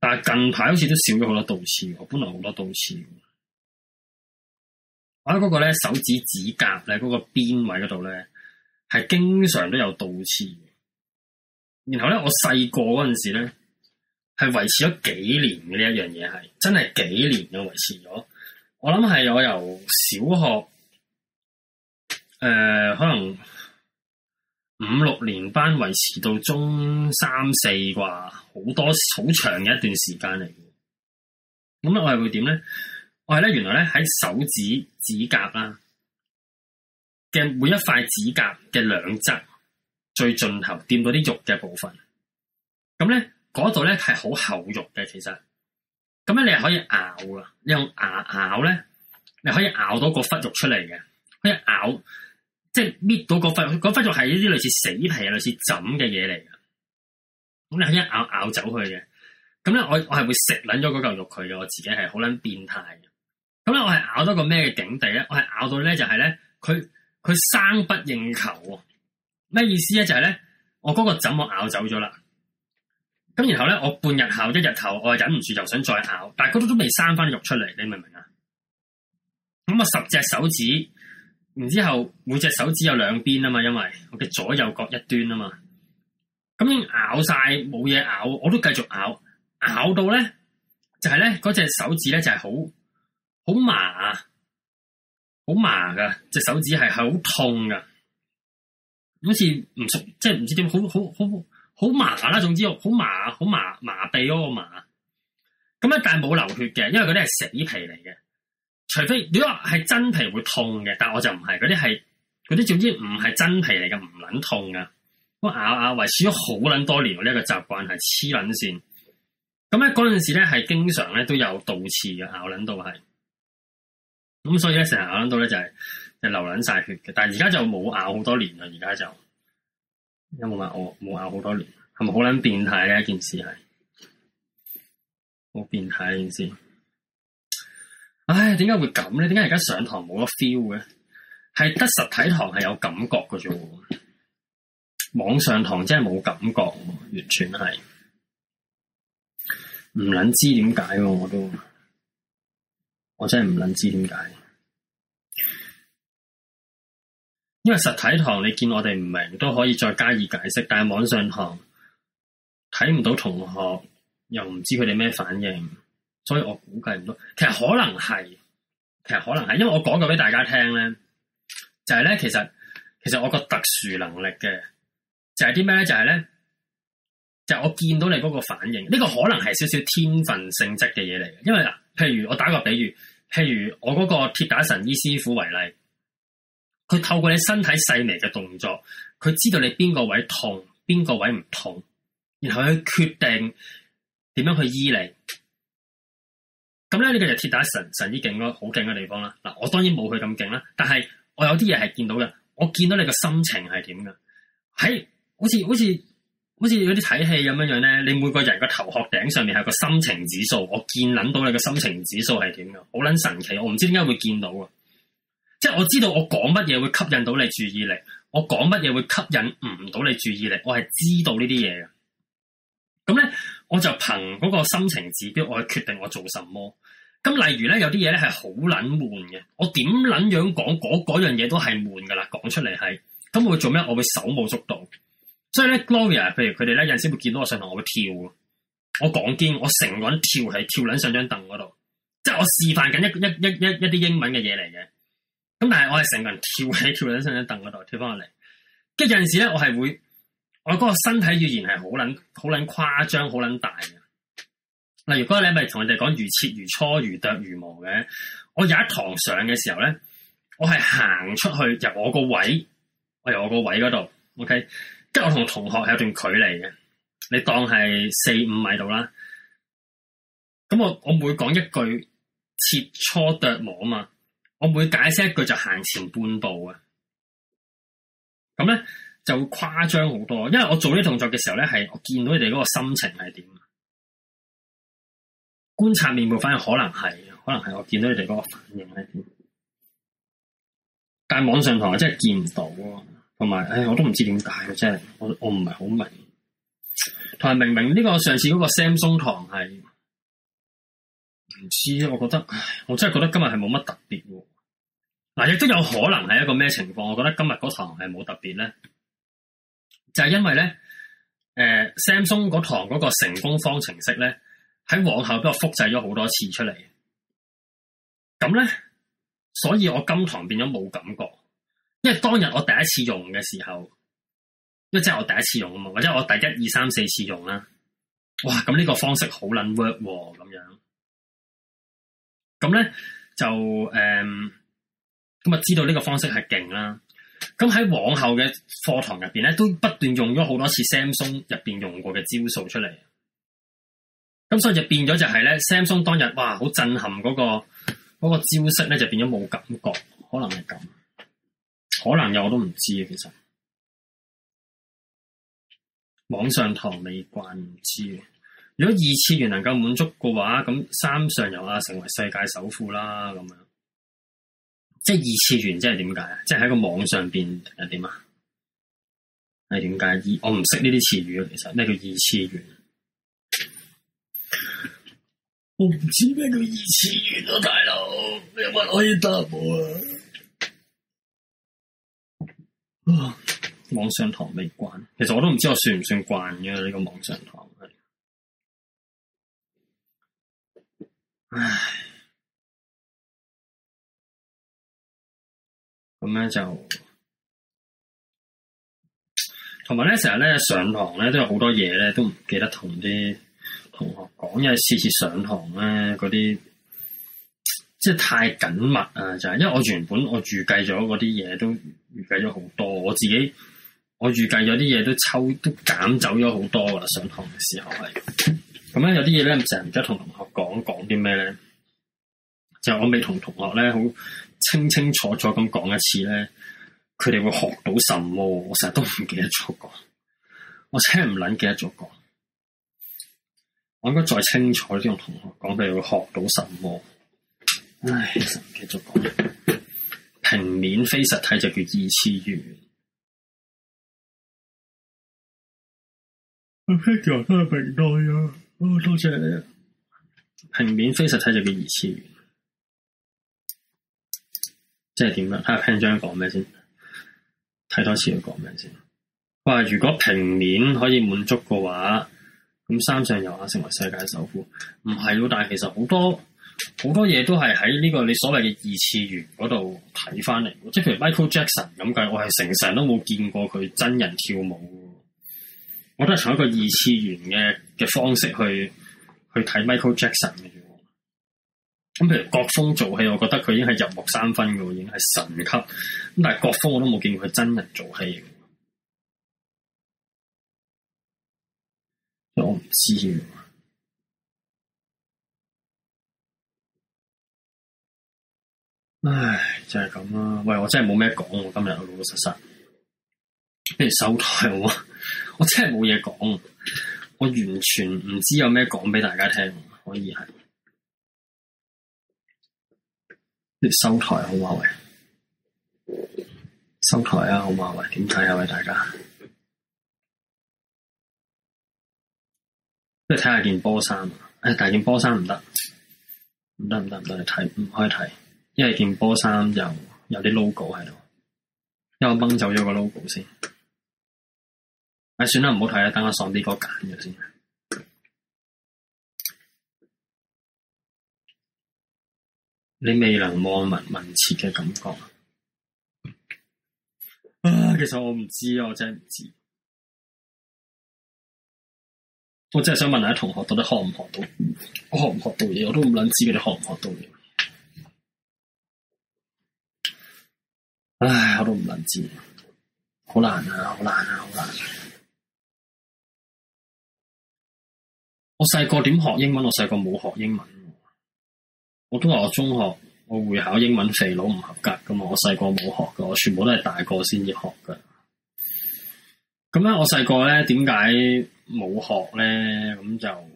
但係近排好似都少咗好多倒刺，我本來好多倒刺。我喺，嗰個咧手指指甲咧，嗰個邊位嗰度咧，係經常都有倒刺。然後咧，我細個嗰陣時咧，係維持咗幾年嘅呢一樣嘢，係真係幾年嘅維持咗。我諗係我由小學誒、呃，可能五六年班維持到中三四啩，好多好長嘅一段時間嚟嘅。咁咧，我係會點咧？我係咧，原來咧喺手指指甲啦嘅每一塊指甲嘅兩側最盡頭掂到啲肉嘅部分呢，咁咧嗰度咧係好厚肉嘅，其實。咁樣你係可以咬噶，你用牙咬咬咧，你可以咬到個忽肉出嚟嘅。佢一咬，即係搣到嗰塊，嗰塊肉係一啲類似死皮、類似枕嘅嘢嚟嘅。咁你係一咬咬走佢嘅。咁咧，我我係會食捻咗嗰嚿肉佢嘅。我自己係好捻變態嘅。咁咧，我係咬到個咩境地咧？我係咬到咧就係咧，佢佢生不應求喎。咩意思咧？就係咧，我嗰個枕我咬走咗啦。咁然後咧，我半日咬一日頭，我忍唔住又想再咬，但係嗰都都未生翻肉出嚟，你明唔明啊？咁我十隻手指，然後之後每隻手指有兩邊啊嘛，因為我嘅左右各一端啊嘛。咁咬晒冇嘢咬我都繼續咬，咬到咧就係咧嗰隻手指咧就係好好麻，好麻噶隻手指係係好痛噶好似唔熟，即係唔知點好好好。好麻啦、啊，總之好麻，好麻麻痹嗰個麻。咁咧、啊、但係冇流血嘅，因為嗰啲係死皮嚟嘅。除非你話係真皮會痛嘅，但係我就唔係，嗰啲係嗰啲，總之唔係真皮嚟嘅，唔撚痛噶。我咬咬維持咗好撚多年呢一、這個習慣係黐撚線。咁咧嗰陣時咧係經常咧都有倒刺嘅咬撚到係，咁所以咧成日咬撚到咧就係就流撚晒血嘅，但係而家就冇咬好多年啦，而家就。有冇話我？冇話好多年，係咪好撚變態嘅？一件事係好變態一件事。唉，點解會咁咧？點解而家上堂冇個 feel 嘅？係得實體堂係有感覺㗎啫，網上堂真係冇感覺，完全係唔撚知點解。我都我真係唔撚知點解。因為實體堂你見我哋唔明都可以再加以解釋，但係網上堂睇唔到同學，又唔知佢哋咩反應，所以我估計唔到。其實可能係，其實可能係，因為我講過俾大家聽咧，就係咧，其實其實我個特殊能力嘅就係啲咩咧，就係咧，就係我見到你嗰個反應，呢個可能係少少天分性質嘅嘢嚟。因為嗱，譬如我打個比喻，譬如我嗰個鐵打神醫師傅為例。佢透過你身體細微嘅動作，佢知道你邊個位痛，邊個位唔痛，然後去決定點樣去醫你。咁咧，呢、這個就鐵打神神醫勁咯，好勁嘅地方啦。嗱，我當然冇佢咁勁啦，但係我有啲嘢係見到嘅。我見到你嘅心情係點噶？喺、哎、好似好似好似有啲睇戲咁樣樣咧。你每個人個頭殼頂上面係個心情指數，我見捻到你嘅心情指數係點噶？好捻神奇，我唔知點解會見到啊！即係我知道我講乜嘢會吸引到你注意力，我講乜嘢會吸引唔到你注意力，我係知道呢啲嘢嘅。咁咧，我就憑嗰個心情指標，我去決定我做什麼。咁例如咧，有啲嘢咧係好捻悶嘅，我點捻樣講，嗰嗰樣嘢都係悶噶啦，講出嚟係。咁我會做咩？我會手舞足蹈。所以咧，Gloria，譬如佢哋咧，有陣時會見到我上堂，我會跳。我講堅，我成個人跳係跳捻上張凳嗰度，即係我示範緊一一一一一啲英文嘅嘢嚟嘅。咁但係我係成個人跳起，跳起身喺凳嗰度跳翻落嚟，跟住有陣時咧，我係會我嗰個身體語言係好捻好捻誇張，好捻大嘅。嗱，如果你咪同我哋講如切如磋如琢，如，如磨嘅，我有一堂上嘅時候咧，我係行出去入我個位，我由我個位嗰度，OK，跟住我同同學係有一段距離嘅，你當係四五米度啦。咁我我每講一句切磋琢磨啊嘛。我每解釋一句就行前半步啊，咁咧就會誇張好多。因為我做呢啲動作嘅時候咧，係我見到你哋嗰個心情係點，觀察面部反應可能係，可能係我見到你哋嗰個反應係點。但係網上堂我真係見唔到啊，同埋唉，我都唔知點解真係我我唔係好明。同埋明明呢個上次嗰個 Samsung 堂係唔知啊，我覺得我真係覺得今日係冇乜特別。嗱，亦都有可能係一個咩情況？我覺得今日嗰堂係冇特別咧，就係因為咧，誒，Samsung 嗰堂嗰個成功方程式咧，喺往後都係複製咗好多次出嚟。咁咧，所以我今堂變咗冇感覺，因為當日我第一次用嘅時候，因為即係我第一次用啊嘛，或者我第一二三四次用啦，哇，咁呢個方式好撚 work 喎，咁樣，咁咧就誒。呃咁啊，知道呢個方式係勁啦。咁喺往後嘅課堂入邊咧，都不斷用咗好多次 Samsung 入邊用過嘅招數出嚟。咁所以就變咗就係咧，Samsung 當日哇，好震撼嗰個嗰個招式咧，就變咗冇感覺，可能係咁，可能又我都唔知啊。其實網上堂未慣，唔知啊。如果二次元能夠滿足嘅話，咁三上游啊，成為世界首富啦，咁樣。即係二次元就是為什麼，即係點解啊？即係喺個網上邊係點啊？係點解我唔識呢啲詞語，其實咩叫，那個，二次元？我唔知咩叫二次元咯。啊，大佬，你有乜可以答我啊？啊，網上堂未慣，其實我都唔知道我算唔算慣嘅呢個網上堂唉。咁咧就，同埋咧成日咧上堂咧都有好多嘢咧都唔記得同啲同學講，因為次次上堂咧嗰啲，即係太緊密啊，就係因為我原本我預計咗嗰啲嘢都預計咗好多，我自己我預計咗啲嘢都抽都減走咗好多噶啦，上堂嘅時候係，咁咧有啲嘢咧成日唔記得同同學講，講啲咩咧？就我未同同學咧好。清清楚楚咁講一次咧，佢哋會學到什麼？我成日都唔記得咗講，我真係唔捻記得咗講。我應該再清楚啲同同學講，佢哋會學到什麼？唉，唔記得咗講。平面非實體就叫二次元。我識咗都係明多咗，多謝你、啊哦啊、平面非實體就叫二次元。即係點樣？睇下篇文章講咩先？睇多次佢講咩先？話如果平面可以滿足嘅話，咁三上又話成為世界首富，唔係咯。但係其實好多好多嘢都係喺呢個你所謂嘅二次元嗰度睇翻嚟。即係譬如 Michael Jackson 咁計，我係成世都冇見過佢真人跳舞，我都係從一個二次元嘅嘅方式去去睇 Michael Jackson 嘅。咁譬如郭峰做戲，我覺得佢已經係入木三分喎，已經係神級。咁但係郭峰我都冇見過佢真人做戲。我唔知。唉，就係咁啦。喂，我真係冇咩講喎。今日老老實實，不如收台喎，我我真係冇嘢講，我完全唔知有咩講俾大家聽，可以係。收台好唔好？收台啊，好唔好？點睇啊，喂，大家？即睇下件波衫。誒、哎，但係件波衫唔得，唔得唔得唔得，你睇唔可以睇，因為件波衫有有啲 logo 喺度。因為我掹走咗個 logo 先。誒、哎，算啦，唔好睇啦，等我上啲歌揀咗先。你未能望聞問切嘅感覺啊！其實我唔知啊，我真係唔知。我真係想問下啲同學，到底學唔學到？我學唔學到嘢？我都唔撚知你學唔學到嘢。唉，我都唔撚知。好難啊！好難啊！好難啊！我細個點學英文？我細個冇學英文。我都話我中學我會考英文，肥佬唔合格噶嘛。我細個冇學噶，我全部都係大個先至學噶。咁咧，學呢就是，我細個咧點解冇學咧？咁就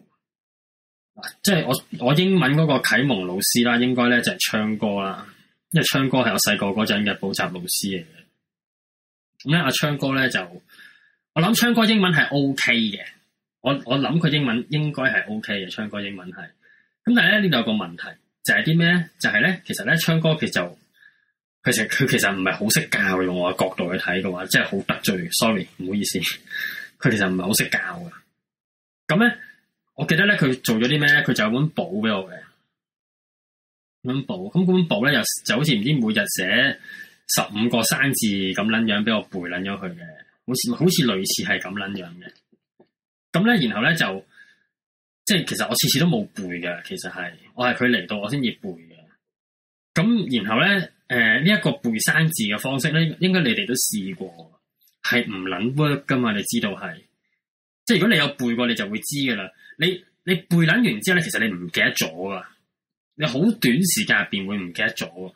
即係我我英文嗰個啟蒙老師啦，應該咧就係昌哥啦，因為昌哥係我細個嗰陣嘅補習老師嚟嘅。咁咧，阿昌哥咧就我諗昌哥英文係 O K 嘅，我我諗佢英文應該係 O K 嘅。昌哥英文係咁，但係咧呢度，有個問題。就係啲咩？就係咧，其實咧，昌哥佢就佢其實唔係好識教，用我嘅角度去睇嘅話，真係好得罪。Sorry，唔好意思，佢其實唔係好識教嘅。咁咧，我記得咧，佢做咗啲咩？佢就有一本簿俾我嘅，嗰本簿咁，本簿咧又就好似唔知每日寫十五個生字咁捻樣，俾我背捻咗佢嘅，好似好似類似係咁捻樣嘅。咁咧，然後咧就。即係其實我次次都冇背嘅，其實係我係佢嚟到我先至背嘅。咁然後咧，誒呢一個背生字嘅方式咧，應該你哋都試過，係唔撚 work 噶嘛？你知道係，即係如果你有背過，你就會知噶啦。你你背撚完之後咧，其實你唔記得咗噶，你好短時間入邊會唔記得咗。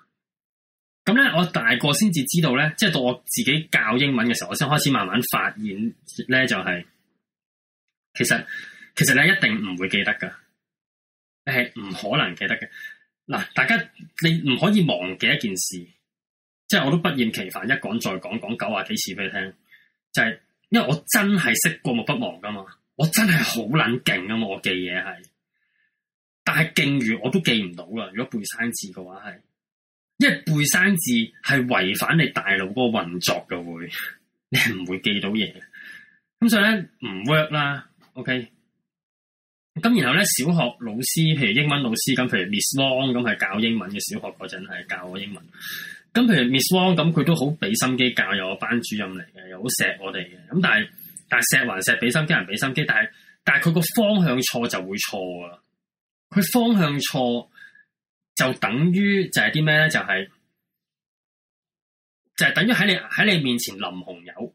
咁咧，我大個先至知道咧，即係到我自己教英文嘅時候，我先開始慢慢發現咧，就係、是、其實。其實你一定唔會記得噶，你係唔可能記得嘅。嗱，大家你唔可以忘記一件事，即係我都不厭其煩一講再講，講九廿幾次俾你聽，就係因為我真係識過目不忘噶嘛，我真係好捻勁啊嘛，我記嘢係，但係勁完我都記唔到啦。如果背生字嘅話係，因為背生字係違反你大腦嗰個運作嘅會，你唔會記得到嘢。咁所以咧唔 work 啦，OK。咁然後咧，小學老師，譬如英文老師，咁譬如 Miss Wong 咁，係教英文嘅小學嗰陣，係教我英文。咁譬如 Miss Wong 咁，佢都好俾心機教，有個班主任嚟嘅，又好錫我哋嘅。咁但係，但係錫還錫，俾心機人俾心機。但係，但係佢個方向錯就會錯啊！佢方向錯就等於就係啲咩咧？就係、係、就係等於喺你喺你面前淋紅油。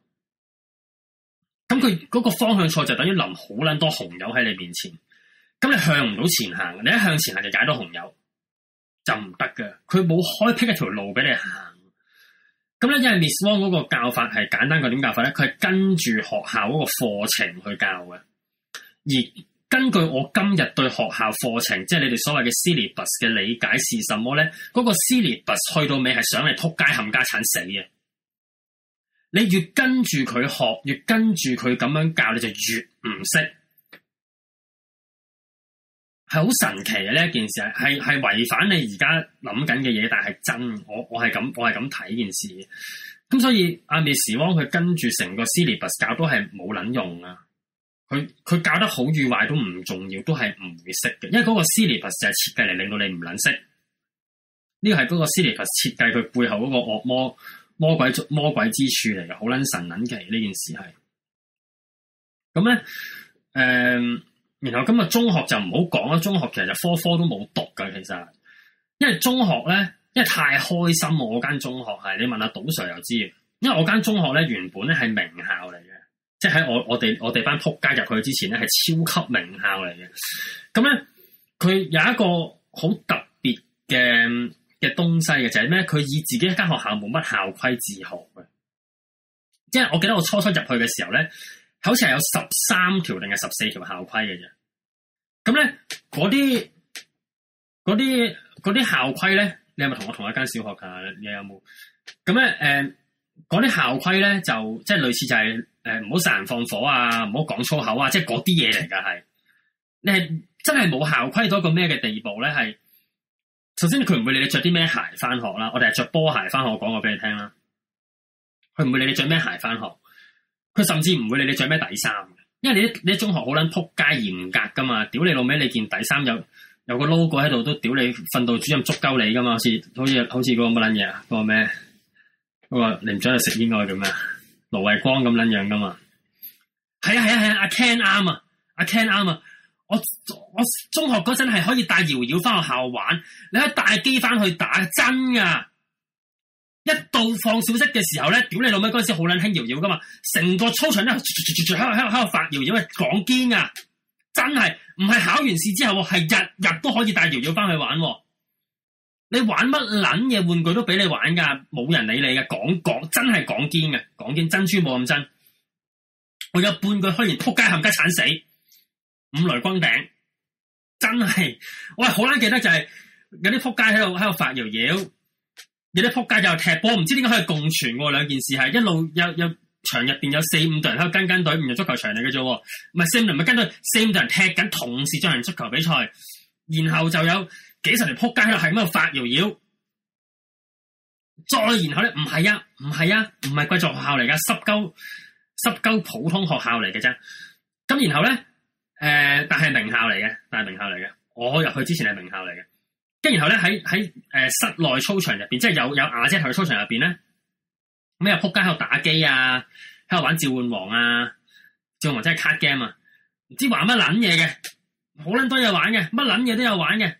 咁佢嗰個方向錯就等於淋好撚多紅油喺你面前。咁你向唔到前行，你一向前行就踩到紅油，就唔得㗎。佢冇開闢一條路俾你行。咁咧，因為 Miss Wong 嗰個教法係簡單個點教法咧，佢係跟住學校嗰個課程去教嘅。而根據我今日對學校課程，即係你哋所謂嘅 syllabus 嘅理解是什麼咧？嗰、那個 syllabus 去到尾係想你撲街冚家鏟死嘅。你越跟住佢學，越跟住佢咁樣教，你就越唔識。係好神奇嘅，呢一件事係係違反你而家諗緊嘅嘢，但係真的，我我係咁我係咁睇件事。咁所以阿米士汪佢跟住成個斯尼 s 教都係冇撚用啊！佢佢教得好與壞都唔重要，都係唔會識嘅。因為嗰個斯尼 s 就係設計嚟令到你唔撚識。呢個係嗰個 e 尼柏設計佢背後嗰個惡魔魔鬼魔鬼之處嚟嘅，好卵神卵奇呢件事係。咁咧，誒、呃。然後今日中學就唔好講啦，中學其實就科科都冇讀噶，其實，因為中學咧，因為太開心我間中學係，你問下賭 Sir 又知，因為我間中學咧原本咧係名校嚟嘅，即係喺我我哋我哋班仆街入去之前咧係超級名校嚟嘅。咁咧佢有一個好特別嘅嘅東西嘅就係咩？佢以自己一間學校冇乜校規自學嘅，即係我記得我初初入去嘅時候咧。好似係有十三條定係十四條校規嘅啫，咁咧嗰啲嗰啲嗰啲校規咧，你係咪同我同一間小學噶？你有冇？咁咧，誒、呃，嗰啲校規咧就即係類似就係、是、誒，唔好殺人放火啊，唔好講粗口啊，即係嗰啲嘢嚟噶係。你係真係冇校規到一個咩嘅地步咧？係首先佢唔會理你着啲咩鞋翻學啦，我哋係着波鞋翻學，我講過俾你聽啦。佢唔會理你着咩鞋翻學。佢甚至唔會理你着咩底衫，因為你你中學好撚撲街嚴格噶嘛，屌你老味你件底衫有有個 logo 喺度都屌你訓導主任捉鳩你噶嘛，好似好似好似嗰個乜撚嘢啊，嗰個咩，嗰個你唔准去食煙該叫咩啊，啊？盧衛光咁撚樣噶嘛？係啊係啊係啊，阿 Ken 啱啊，阿 Ken 啱啊，我我中學嗰陣係可以帶瑤瑤翻學校玩，你可以帶機翻去打真噶。一到放小息嘅時候咧，屌你老味嗰陣時好撚興搖搖噶嘛，成個操場喺度喺度喺度發搖搖嘅，講堅啊，真係唔係考完試之後，係日日都可以帶搖搖翻去玩，啊。你玩乜撚嘢玩具都俾你玩噶，冇人理你嘅，講講真係講堅嘅，講堅珍珠冇咁真。我有半句虛言撲街冚家鏟死五雷轟頂，真係我係好難記得就係、是、有啲撲街喺度喺度發搖搖。有啲撲街又踢波，唔知點解可以共存喎？兩件事係一路有有,有場入邊有四五隊人喺度跟跟隊，唔係足球場嚟嘅啫。唔係四五隊唔係跟隊，四五隊人踢緊同時進行足球比賽，然後就有幾十條撲街喺度係咁度發搖搖。再然後咧，唔係啊，唔係啊，唔係貴族學校嚟噶，濕鳩濕鳩普通學校嚟嘅啫。咁然後咧，誒、呃，但係名校嚟嘅，但係名校嚟嘅，我入去之前係名校嚟嘅。跟然後咧，喺喺誒室內操場入邊，即係有有瓦遮頭嘅操場入邊咧，咩又仆街喺度打機啊，喺度玩召喚王啊，召喚王真係卡 game 啊，唔知玩乜捻嘢嘅，好捻多嘢玩嘅，乜捻嘢都有玩嘅，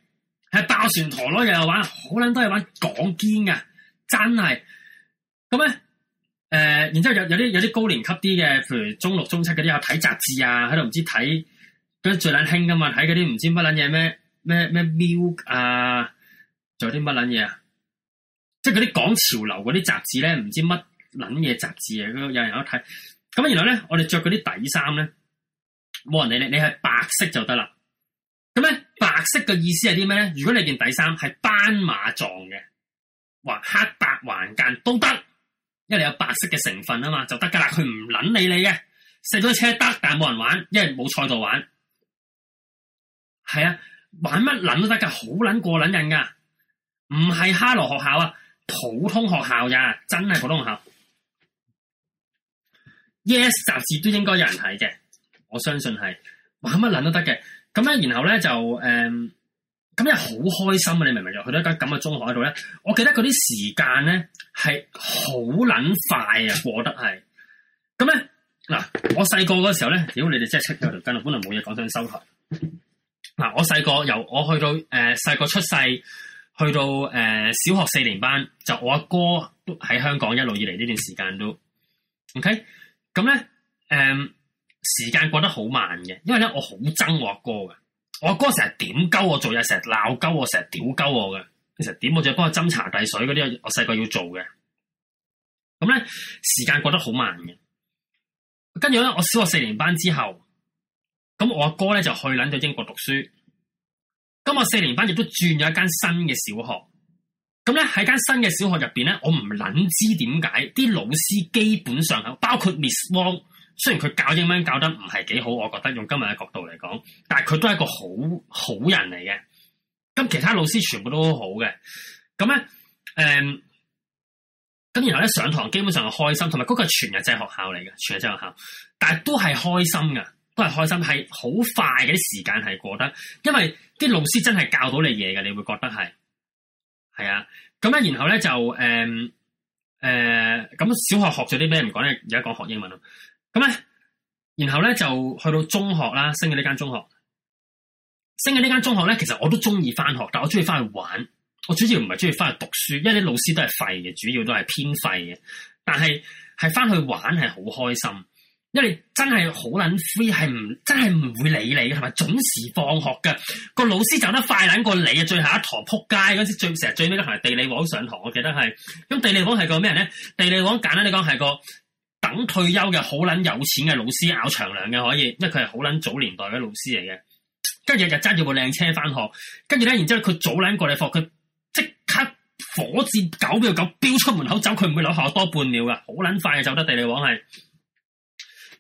係爆旋陀螺又有玩，好捻多嘢玩港堅啊，真係咁咧。誒、呃，然之後有有啲有啲高年級啲嘅，譬如中六中七嗰啲，有睇雜誌啊，喺度唔知睇，跟住最捻興噶嘛，睇嗰啲唔知乜捻嘢咩。咩咩 milk 啊，仲有啲乜捻嘢啊？即係嗰啲講潮流嗰啲雜誌咧，唔知乜捻嘢雜誌啊？有人有人睇。咁啊，然後咧，我哋着嗰啲底衫咧，冇人理你，你係白色就得啦。咁咧，白色嘅意思係啲咩咧？如果你件底衫係斑馬狀嘅，或黑白橫間都得，因為你有白色嘅成分啊嘛，就得噶啦。佢唔捻理你嘅，食咗車得，但係冇人玩，因為冇賽道玩。係啊。玩乜撚都得噶，好撚過撚人噶，唔係哈羅學校啊，普通學校呀，真係普通學校。Yes 雜誌都應該有人睇嘅，我相信係玩乜撚都得嘅。咁咧，然後咧就誒，咁又好開心啊！你明唔明？去到一間咁嘅中學喺度咧，我記得嗰啲時間咧係好撚快啊，過得係咁咧嗱。我細個嗰時候咧，屌、呃、你哋真係出夠條筋，本來冇嘢講，想收台。嗱，我細個由我去到誒，細、呃、個出世去到誒、呃、小學四年班，就我阿哥都喺香港一路以嚟呢段時間都，OK，咁咧誒，時間過得好慢嘅，因為咧我好憎我阿哥嘅，我阿哥成日點鳩我做嘢，成日鬧鳩我，成日屌鳩我嘅，其實點我就要幫佢斟茶遞水嗰啲，我細個要做嘅，咁咧時間過得好慢嘅，跟住咧我小學四年班之後。咁我阿哥咧就去捻咗英國讀書，咁我四年班亦都轉咗一間新嘅小學。咁咧喺間新嘅小學入邊咧，我唔捻知點解啲老師基本上，包括 Miss Wong，雖然佢教英文教得唔係幾好，我覺得用今日嘅角度嚟講，但係佢都係一個好好人嚟嘅。咁其他老師全部都好嘅。咁咧，誒、嗯，咁然後咧上堂基本上係開心，同埋嗰個係全日制學校嚟嘅全日制學校，但係都係開心噶。都係開心，係好快嘅啲時間係過得，因為啲老師真係教到你嘢嘅，你會覺得係，係啊。咁咧，然後咧就誒誒，咁、嗯嗯嗯、小學學咗啲咩唔講咧，而家講學英文啊。咁咧，然後咧就去到中學啦，升咗呢間中學，升咗呢間中學咧，其實我都中意翻學，但我中意翻去玩，我主要唔係中意翻去讀書，因為啲老師都係廢嘅，主要都係偏廢嘅。但係係翻去玩係好開心。因為真係好卵 free，係唔真係唔會理你嘅，係咪準時放學嘅？個老師走得快卵過你啊！最後一堂撲街嗰時最成日最尾都係地理王上堂，我記得係咁。地理王係個咩咧？地理王簡單嚟講係個等退休嘅好卵有錢嘅老師，咬長糧嘅可以，因為佢係好卵早年代嘅老師嚟嘅。跟住就揸住部靚車翻學，跟住咧，然之後佢早卵過你課，佢即刻火箭九秒九飆出門口走，佢唔會攞學多半秒噶，好卵快啊！走得地理王係。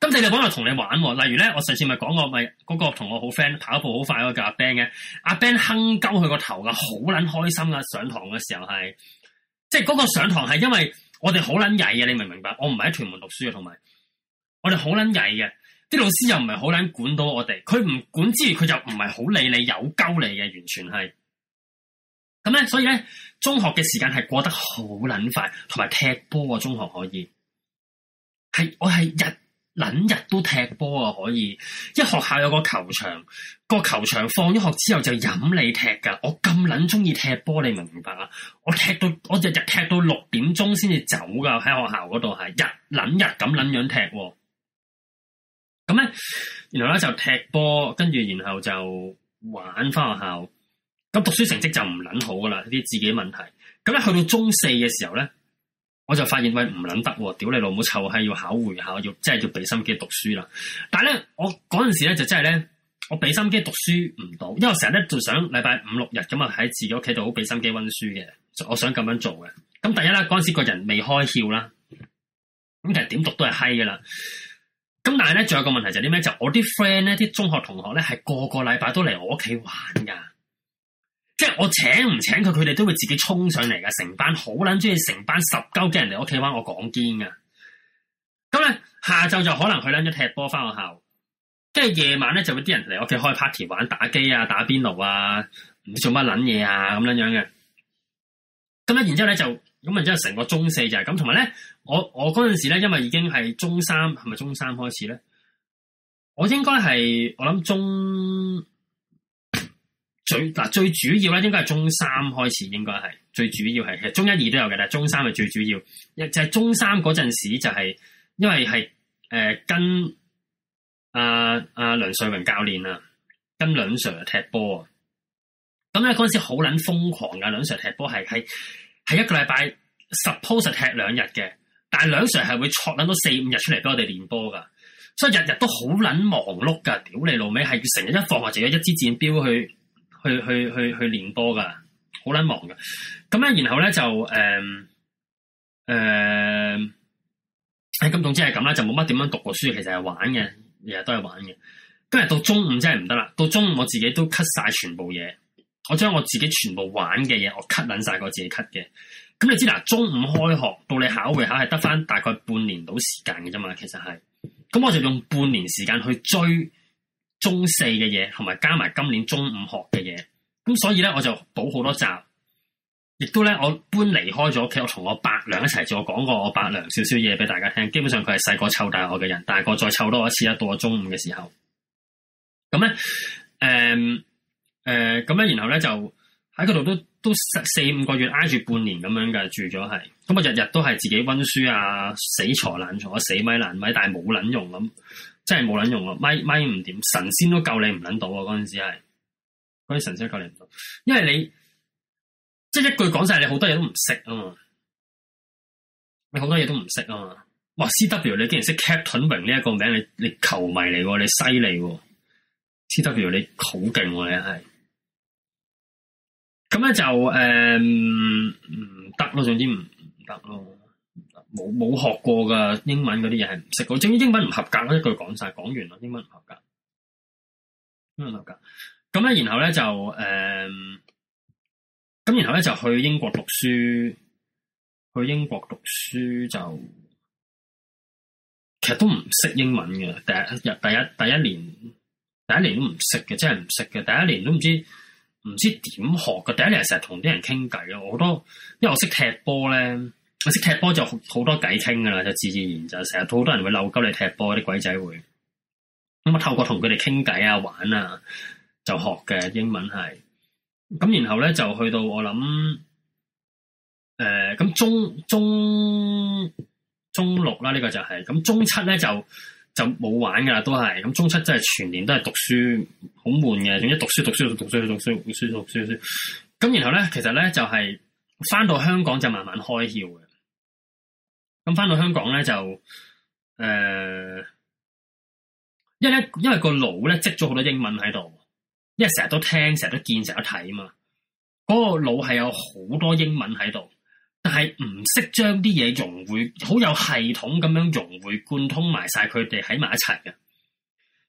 咁你又講又同你玩，例如咧，我上次咪講過，那個咪嗰個同我好 friend，跑步好快嗰，那個阿 Ben 嘅。阿 Ben 哼鳩佢個頭啊，好、啊、捻開心啦！上堂嘅時候係，即係嗰個上堂係因為我哋好捻曳啊，你明唔明白？我唔係喺屯門讀書啊，同埋我哋好捻曳嘅，啲老師又唔係好捻管到我哋，佢唔管之餘，佢又唔係好理你有鳩你嘅，完全係咁咧。所以咧，中學嘅時間係過得好捻快，同埋踢波啊，中學可以係我係日。捻日都踢波啊！可以一學校有個球場，個球場放咗學之後就任你踢噶我咁捻鍾意踢波，你明唔明白啊？我踢到我日日踢到六點鐘先至走噶喺學校嗰度係日捻日咁捻樣踢。咁咧，然後咧就踢波，跟住然後就玩翻學校。咁讀書成績就唔捻好噶啦，啲自己問題。咁咧去到中四嘅時候咧。我就發現喂，唔捻得，屌你老母臭，係要考會考，要即係要俾心機讀書啦。但係咧，我嗰陣時咧就真係咧，我俾心機讀書唔到，因為成日咧就想禮拜五六日咁啊喺自己屋企度好俾心機溫書嘅，我想咁樣做嘅。咁第一啦，嗰陣時個人未開竅啦，咁其實點讀都係嗨噶啦。咁但係咧，仲有個問題就係啲咩？就我啲 friend 咧，啲中學同學咧，係個個禮拜都嚟我屋企玩噶。即係我請唔請佢，佢哋都會自己衝上嚟㗎。成班好捻中意，成班十鳩嘅人嚟屋企玩我講堅噶。咁咧，下晝就可能去捻一踢波翻學校。即係夜晚咧，就會啲人嚟屋企開 party 玩打機啊、打邊爐啊、唔知做乜捻嘢啊咁樣樣嘅。咁咧，然之後咧就咁，然之後成個中四就係咁。同埋咧，我我嗰陣時咧，因為已經係中三係咪中三開始咧，我應該係我諗中最嗱最主要咧，應該係中三開始，應該係最主要係其實中一二都有嘅，但係中三係最主要，一就係、是、中三嗰陣時就係、是、因為係誒、呃、跟阿阿、呃呃呃、梁瑞榮教練啊，跟梁 Sir 踢波啊，咁咧嗰陣時好撚瘋狂噶，梁 Sir 踢波係係係一個禮拜 suppose 踢兩日嘅，但係梁 Sir 係會戳撚到四五日出嚟俾我哋練波㗎，所以日日都好撚忙碌㗎，屌你老味係成日一放學就一一支箭標去。去去去去練波噶，好捻忙噶。咁咧，然後咧就誒誒，咁、呃呃、總之係咁啦，就冇乜點樣讀過書，其實係玩嘅，日日都係玩嘅。今日到中午真係唔得啦，到中午我自己都 cut 晒全部嘢，我將我自己全部玩嘅嘢，我 cut 捻晒我自己 cut 嘅。咁、嗯、你知啦，中午開學到你考會考係得翻大概半年到時間嘅啫嘛，其實係。咁我就用半年時間去追。中四嘅嘢，同埋加埋今年中五學嘅嘢，咁所以咧我就補好多集。亦都咧我搬離開咗屋企，我同我伯娘一齊住，我講過我伯娘少少嘢俾大家聽，基本上佢係細個湊大我嘅人，大個再湊多一次啦，到我中五嘅時候，咁咧，誒、嗯，誒，咁咧，然後咧就喺嗰度都都四五個月挨住半年咁樣嘅住咗係，咁我日日都係自己溫書啊，死才爛才，死米爛米，但係冇撚用咁。真係冇撚用啊，咪咪唔掂，神仙都救你唔撚到啊！嗰陣時係，嗰啲神仙救你唔到，因為你即係、就是、一句講晒，你好多嘢都唔識啊嘛！你好多嘢都唔識啊嘛！哇！C W，你竟然識 Captain 榮呢一個名，你你球迷嚟喎，你犀利喎！C W，你好勁喎，你係。咁咧就誒唔得咯，總之唔唔得咯。冇冇學過嘅英文嗰啲嘢係唔識嘅，總之英文唔合格，一句講晒，講完啦，英文唔合格，英文唔合格。咁咧、呃，然後咧就誒，咁然後咧就去英國讀書，去英國讀書就其實都唔識英文嘅，第一第一第一年第一年都唔識嘅，真係唔識嘅，第一年都唔知唔知點學嘅，第一年成日同啲人傾偈咯，我都因為我識踢波咧。識踢波就好多偈傾噶啦，就自自然就成日好多人會漏鳩你踢波啲鬼仔會，咁啊透過同佢哋傾偈啊玩啊，就學嘅英文係。咁然後咧就去到我諗，誒、呃、咁中中中六啦呢、這個就係、是，咁中七咧就就冇玩噶啦都係，咁中七真係全年都係讀書，好悶嘅，總之讀書讀書讀讀書讀讀書讀讀書讀書，咁然後咧其實咧就係、是、翻到香港就慢慢開竅嘅。咁翻到香港咧就，誒、呃，因為咧，因為個腦咧積咗好多英文喺度，因為成日都聽，成日都見，成日都睇嘛，嗰、那個腦係有好多英文喺度，但係唔識將啲嘢融會，好有系統咁樣融會貫通埋晒佢哋喺埋一齊嘅。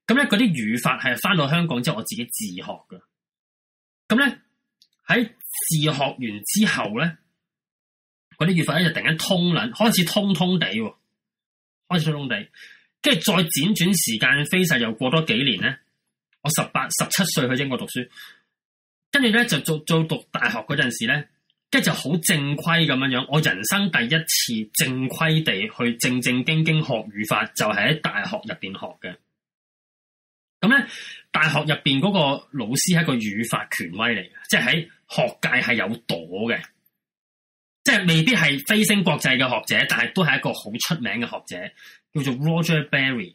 咁咧嗰啲語法係翻到香港之後我自己自學㗎，咁咧喺自學完之後咧。嗰啲語法一就突然間通捻，開始通通地，開始通通地，跟住再輾轉時間飛逝，又過多幾年咧。我十八、十七歲去英國讀書，跟住咧就做做讀大學嗰陣時咧，跟住就好正規咁樣樣。我人生第一次正規地去正正經經學語法，就係喺大學入邊學嘅。咁咧，大學入邊嗰個老師係個語法權威嚟，即係喺學界係有朵嘅。即係未必係飛升國際嘅學者，但係都係一個好出名嘅學者，叫做 Roger Berry。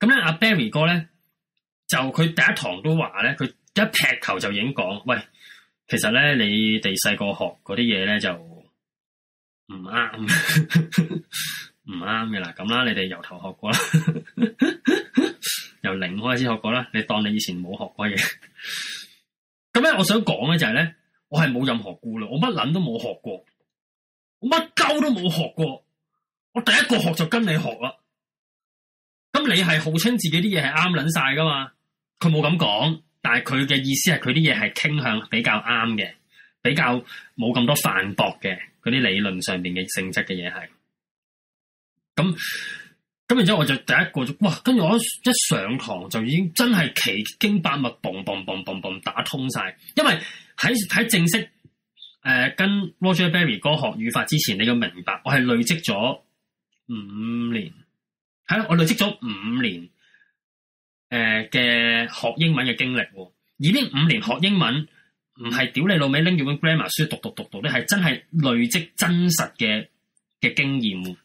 咁咧，阿 Berry 哥咧，就佢第一堂都話咧，佢一劈頭，就已經講，喂，其實咧，你哋細個學嗰啲嘢咧，就唔啱，唔啱嘅啦。咁啦，你哋 由頭學過啦， 由零開始學過啦，你當你以前冇學過嘢。咁咧、就是，我想講咧就係咧，我係冇任何顧慮，我乜撚都冇學過。我乜鳩都冇學過，我第一個學就跟你學啦。咁你係號稱自己啲嘢係啱捻晒噶嘛？佢冇咁講，但係佢嘅意思係佢啲嘢係傾向比較啱嘅，比較冇咁多反駁嘅啲理論上邊嘅性質嘅嘢係。咁咁然之後我就第一個就哇，跟住我一上堂就已經真係奇經八脈 boom boom boom boom boom 打通晒，因為喺喺正式。誒、呃，跟 Roger Barry 哥學語法之前，你要明白，我係累積咗五年，係咯，我累積咗五年誒嘅、呃、學英文嘅經歷。而呢五年學英文唔係屌你老味拎住本 grammar 書讀讀讀讀，咧係真係累積真實嘅嘅經驗。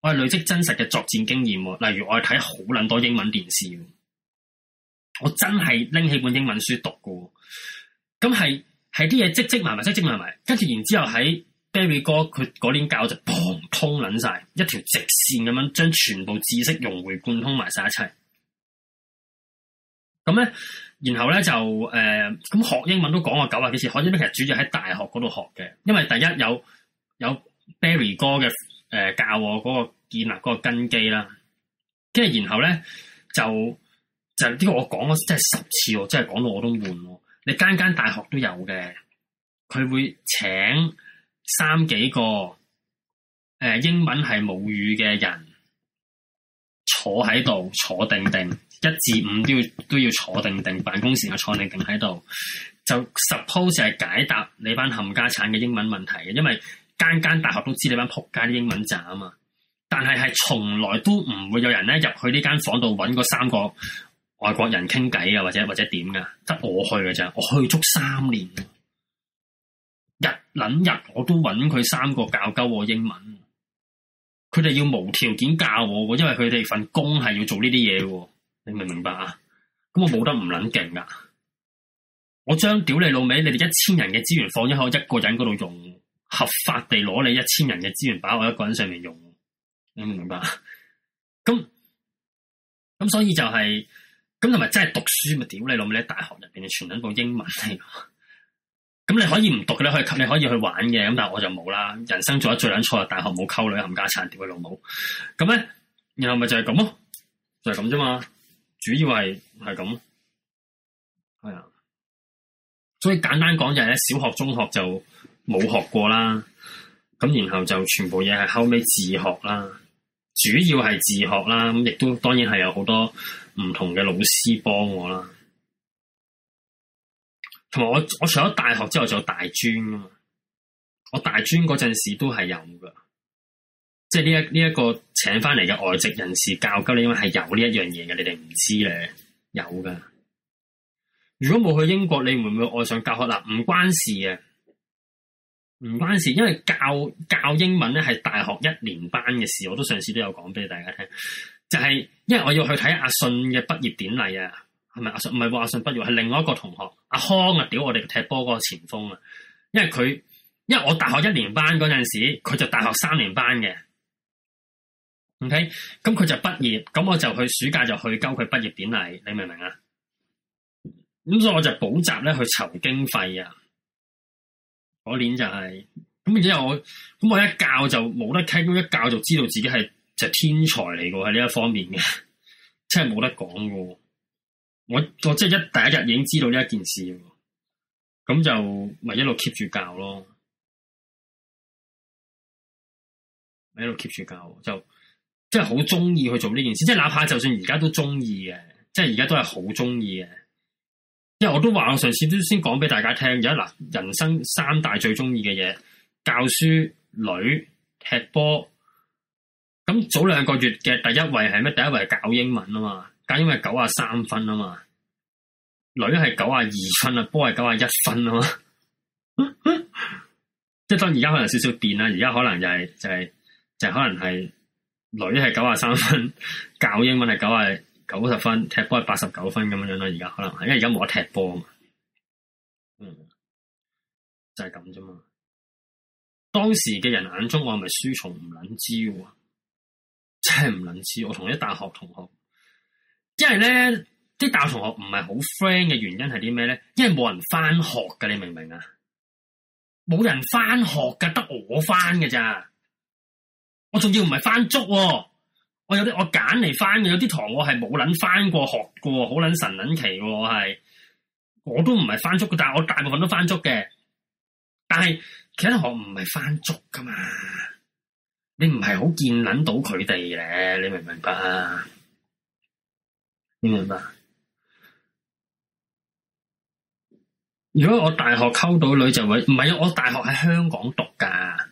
我係累積真實嘅作戰經驗，例如我係睇好捻多英文電視，我真係拎起本英文書讀嘅，咁係。係啲嘢積積埋埋，積積埋埋，跟住然之後喺 Barry 哥佢嗰年教就砰通捻晒，一條直線咁樣將全部知識融會、貫通埋晒一齊。咁咧，然後咧就誒，咁、呃、學英文都講過九啊幾次，學英文其實主要喺大學嗰度學嘅，因為第一有有 Barry 哥嘅誒、呃、教我嗰個建立嗰個根基啦。跟住然後咧就就呢個我講咗真係十次，喎，真係講到我都悶。間間大學都有嘅，佢會請三幾個誒英文係母語嘅人坐喺度坐定定，一至五都要都要坐定定，辦公時間坐定定喺度，就 suppose 係解答你班冚家產嘅英文問題嘅，因為間間大學都知你班仆街啲英文渣啊嘛，但係係從來都唔會有人咧入去呢間房度揾嗰三個。外國人傾偈啊，或者或者點噶？得我去㗎咋。我去足三年，日諗日我都揾佢三個教鳩我英文。佢哋要無條件教我，因為佢哋份工係要做呢啲嘢。你明唔明白啊？咁我冇得唔捻勁噶。我將屌你老味，你哋一千人嘅資源放咗喺我一個人嗰度用，合法地攞你一千人嘅資源擺我一個人上面用。你明唔明白？咁咁所以就係、是。咁同埋真係讀書咪屌你老母咧！大學入邊全撚部英文嚟，咁 你可以唔讀嘅可以你可以去玩嘅。咁但係我就冇啦。人生做得最撚錯，大學冇溝女，冚家鏟，屌你老母。咁咧，然後咪就係咁咯，就係咁啫嘛。主要係係咁，係啊、哎。所以簡單講就係、是、咧，小學中學就冇學過啦。咁然後就全部嘢係後尾自學啦，主要係自學啦。咁亦都當然係有好多。唔同嘅老師幫我啦，同埋我我除咗大學之後仲有大專啊嘛，我大專嗰陣時都係有噶，即係呢一呢一個請翻嚟嘅外籍人士教教你英文係有呢一樣嘢嘅，你哋唔知咧有噶。如果冇去英國，你會唔會愛上教學啦？唔關事嘅，唔關事，因為教教英文咧係大學一年班嘅事，我都上次都有講俾大家聽。就因為我要去睇阿信嘅畢業典禮啊，係咪阿信？唔係話阿信畢業，係另外一個同學阿康啊！屌我哋踢波嗰個前鋒啊！因為佢，因為我大學一年班嗰陣時，佢就大學三年班嘅。OK，咁佢就畢業，咁我就去暑假就去交佢畢業典禮，你明唔明啊？咁所以我就補習咧去籌經費啊！嗰年就係咁，然之後我咁我一教就冇得傾，一教就知道自己係。就天才嚟個喺呢一方面嘅，真係冇得講個。我我即係一第一日已經知道呢一件事了，咁就咪一路 keep 住教咯，咪一路 keep 住教就即係好中意去做呢件事，即係哪怕就算而家都中意嘅，即係而家都係好中意嘅。因為我都話我上次都先講俾大家聽而家嗱，人生三大最中意嘅嘢：教書、女、踢波。咁早兩個月嘅第一位係咩？第一位係教英文啊嘛，教英文係九啊三分啊嘛，女係九啊二分啊，波係九啊一分啊嘛，嗯嗯、即係當而家可能少少變啦，而家可能就係、係、就係、係、就可能係女係九啊三分，教英文係九啊九十分，踢波係八十九分咁樣樣啦。而家可能係，因為而家冇得踢波啊嘛，嗯，就係咁啫嘛。當時嘅人眼中我是不是不知，我係咪輸從唔撚知喎？真係唔能似我同啲大學同學，因為咧啲大學同學唔係好 friend 嘅原因係啲咩咧？因為冇人翻學噶，你明唔明啊？冇人翻學噶，得我翻㗎咋？我仲要唔係翻足喎，我有啲我揀嚟翻嘅，有啲堂我係冇捻翻過學過，好捻神捻奇喎。我係我都唔係翻足嘅，但係我大部分都翻足嘅，但係其他學唔係翻足噶嘛。你唔係好見捻到佢哋嘅，你明唔明白啊？你明唔明白？如果我大學溝到女就咪唔係，我大學喺香港讀噶，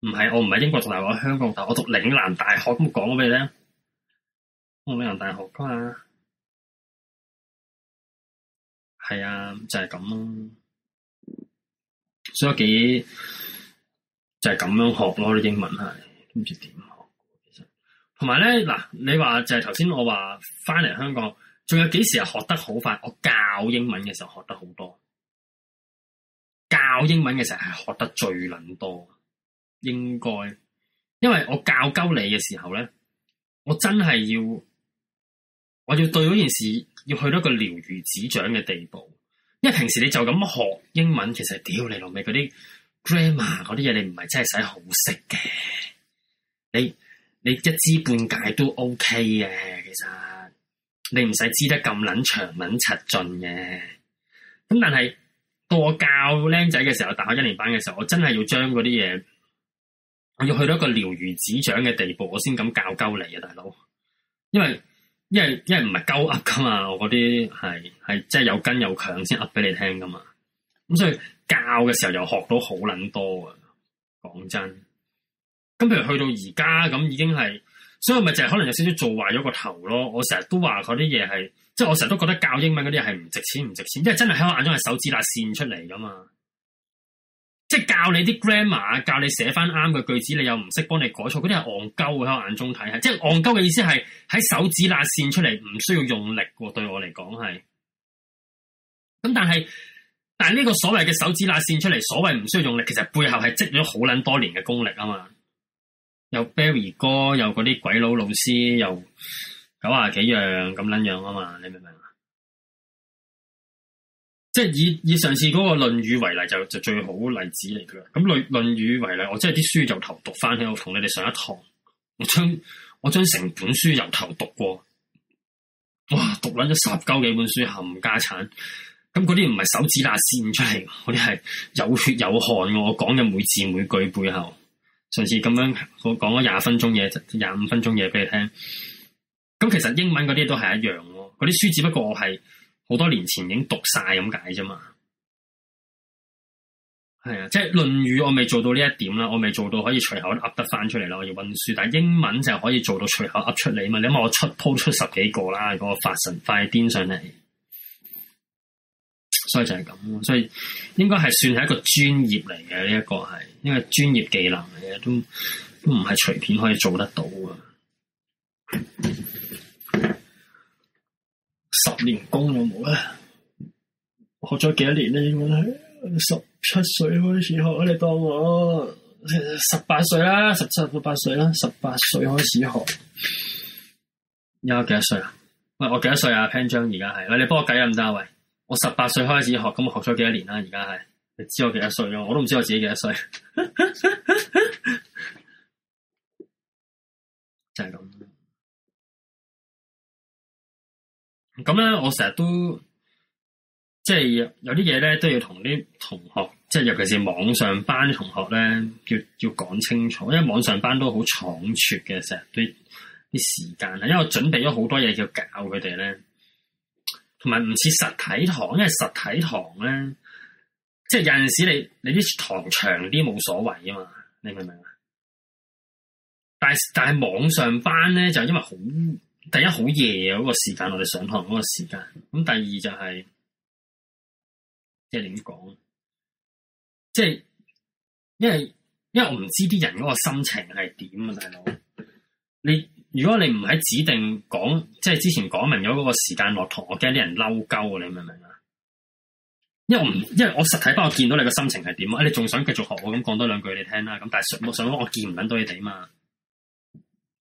唔係我唔喺英國讀，係我喺香港讀，我讀嶺南大學咁講俾你聽，我嶺南大學噶嘛，係啊，就係咁咯，所以幾。就係、是、咁樣學咯，啲英文係，都唔知點學。其實同埋咧，嗱，你話就係頭先我話翻嚟香港，仲有幾時係學得好快？我教英文嘅時候學得好多，教英文嘅時候係學得最撚多，應該，因為我教鳩你嘅時候咧，我真係要，我要對嗰件事要去到一個了如指掌嘅地步，因為平時你就咁學英文，其實屌你老味嗰啲。grammar 嗰啲嘢你唔係真係使好識嘅，你你一知半解都 OK 嘅，其實你唔使知得咁捻長文、捻柒盡嘅。咁但係到我教僆仔嘅時候，大學一年班嘅時候，我真係要將嗰啲嘢，我要去到一個了如指掌嘅地步，我先敢教鳩嚟呀大佬。因為因為因為唔係鳩噏噶嘛，我嗰啲係係真係有根有強先噏俾你聽噶嘛。咁所以教嘅時候又學到好捻多啊！講真，咁譬如去到而家咁已經係，所以我咪就係可能有少少做壞咗個頭咯。我成日都話嗰啲嘢係，即係我成日都覺得教英文嗰啲係唔值錢，唔值錢，即係真係喺我眼中係手指辣線出嚟噶嘛。即係教你啲 grammar 啊，教你寫翻啱嘅句子，你又唔識幫你改錯，嗰啲係戇鳩喺我眼中睇係，即係戇鳩嘅意思係喺手指辣線出嚟，唔需要用力。對我嚟講係，咁但係。但係呢個所謂嘅手指拉線出嚟，所謂唔需要用力，其實背後係積咗好捻多年嘅功力啊！嘛，有 Berry 哥，有嗰啲鬼佬老師，又九啊幾樣咁捻樣啊！嘛，你明唔明啊？即係以以上次嗰個《論語》為例就，就就最好例子嚟噶啦。咁《論論語》為例，我即係啲書由頭讀翻起，我同你哋上一堂，我將我將成本書由頭讀過，哇！讀捻咗十九幾本書，冚家產。咁嗰啲唔係手指啦線出嚟，嗰啲係有血有汗。我講嘅每字每句背後，上次咁樣我講咗廿分鐘嘢，廿五分鐘嘢俾你聽。咁其實英文嗰啲都係一樣喎。嗰啲書只不過我係好多年前已經讀晒咁解啫嘛。係啊，即係《論語》，我未做到呢一點啦，我未做到可以隨口噏得翻出嚟啦，我要溫書。但係英文就可以做到隨口噏出嚟啊嘛。你為我出鋪出十幾個啦，那個發神快癲上嚟。所以就係咁，所以應該係算係一個專業嚟嘅呢一個係，因為專業技能嚟嘅都都唔係隨便可以做得到嘅。十年功有冇咧？學咗幾多年咧？應該係十七歲開始學，你當我十八歲啦，十七到八歲啦，十八歲開始學我。而家幾多歲啊，啊？喂，我幾多歲啊？潘張而家係，喂，你幫我計咁多位。我十八歲開始學，咁我學咗幾多年啦？而家係，你知我幾多歲咯？我都唔知我自己幾多歲， 就係咁。咁咧，我成日都即係有啲嘢咧，都要同啲同學，即係尤其是網上班同學咧，要要講清楚，因為網上班都好倉促嘅，成日都啲時間，因為我準備咗好多嘢要教佢哋咧。唔係唔似實體堂，因為實體堂咧，即係有陣時你你啲堂長啲冇所謂啊嘛，你明唔明啊？但係但係網上班咧就因為好第一好夜嗰個時間，我哋上堂嗰個時間，咁第二就係即係點講，即係因為因為我唔知啲人嗰個心情係點啊大佬，你。如果你唔喺指定講，即係之前講明咗嗰個時間落堂，我驚啲人嬲鳩啊！你明唔明啊？因為我唔，因為我實體班我見到你個心情係點啊？你仲想繼續學我咁講多兩句你聽啦？咁但係上上翻我見唔撚到你哋啊嘛。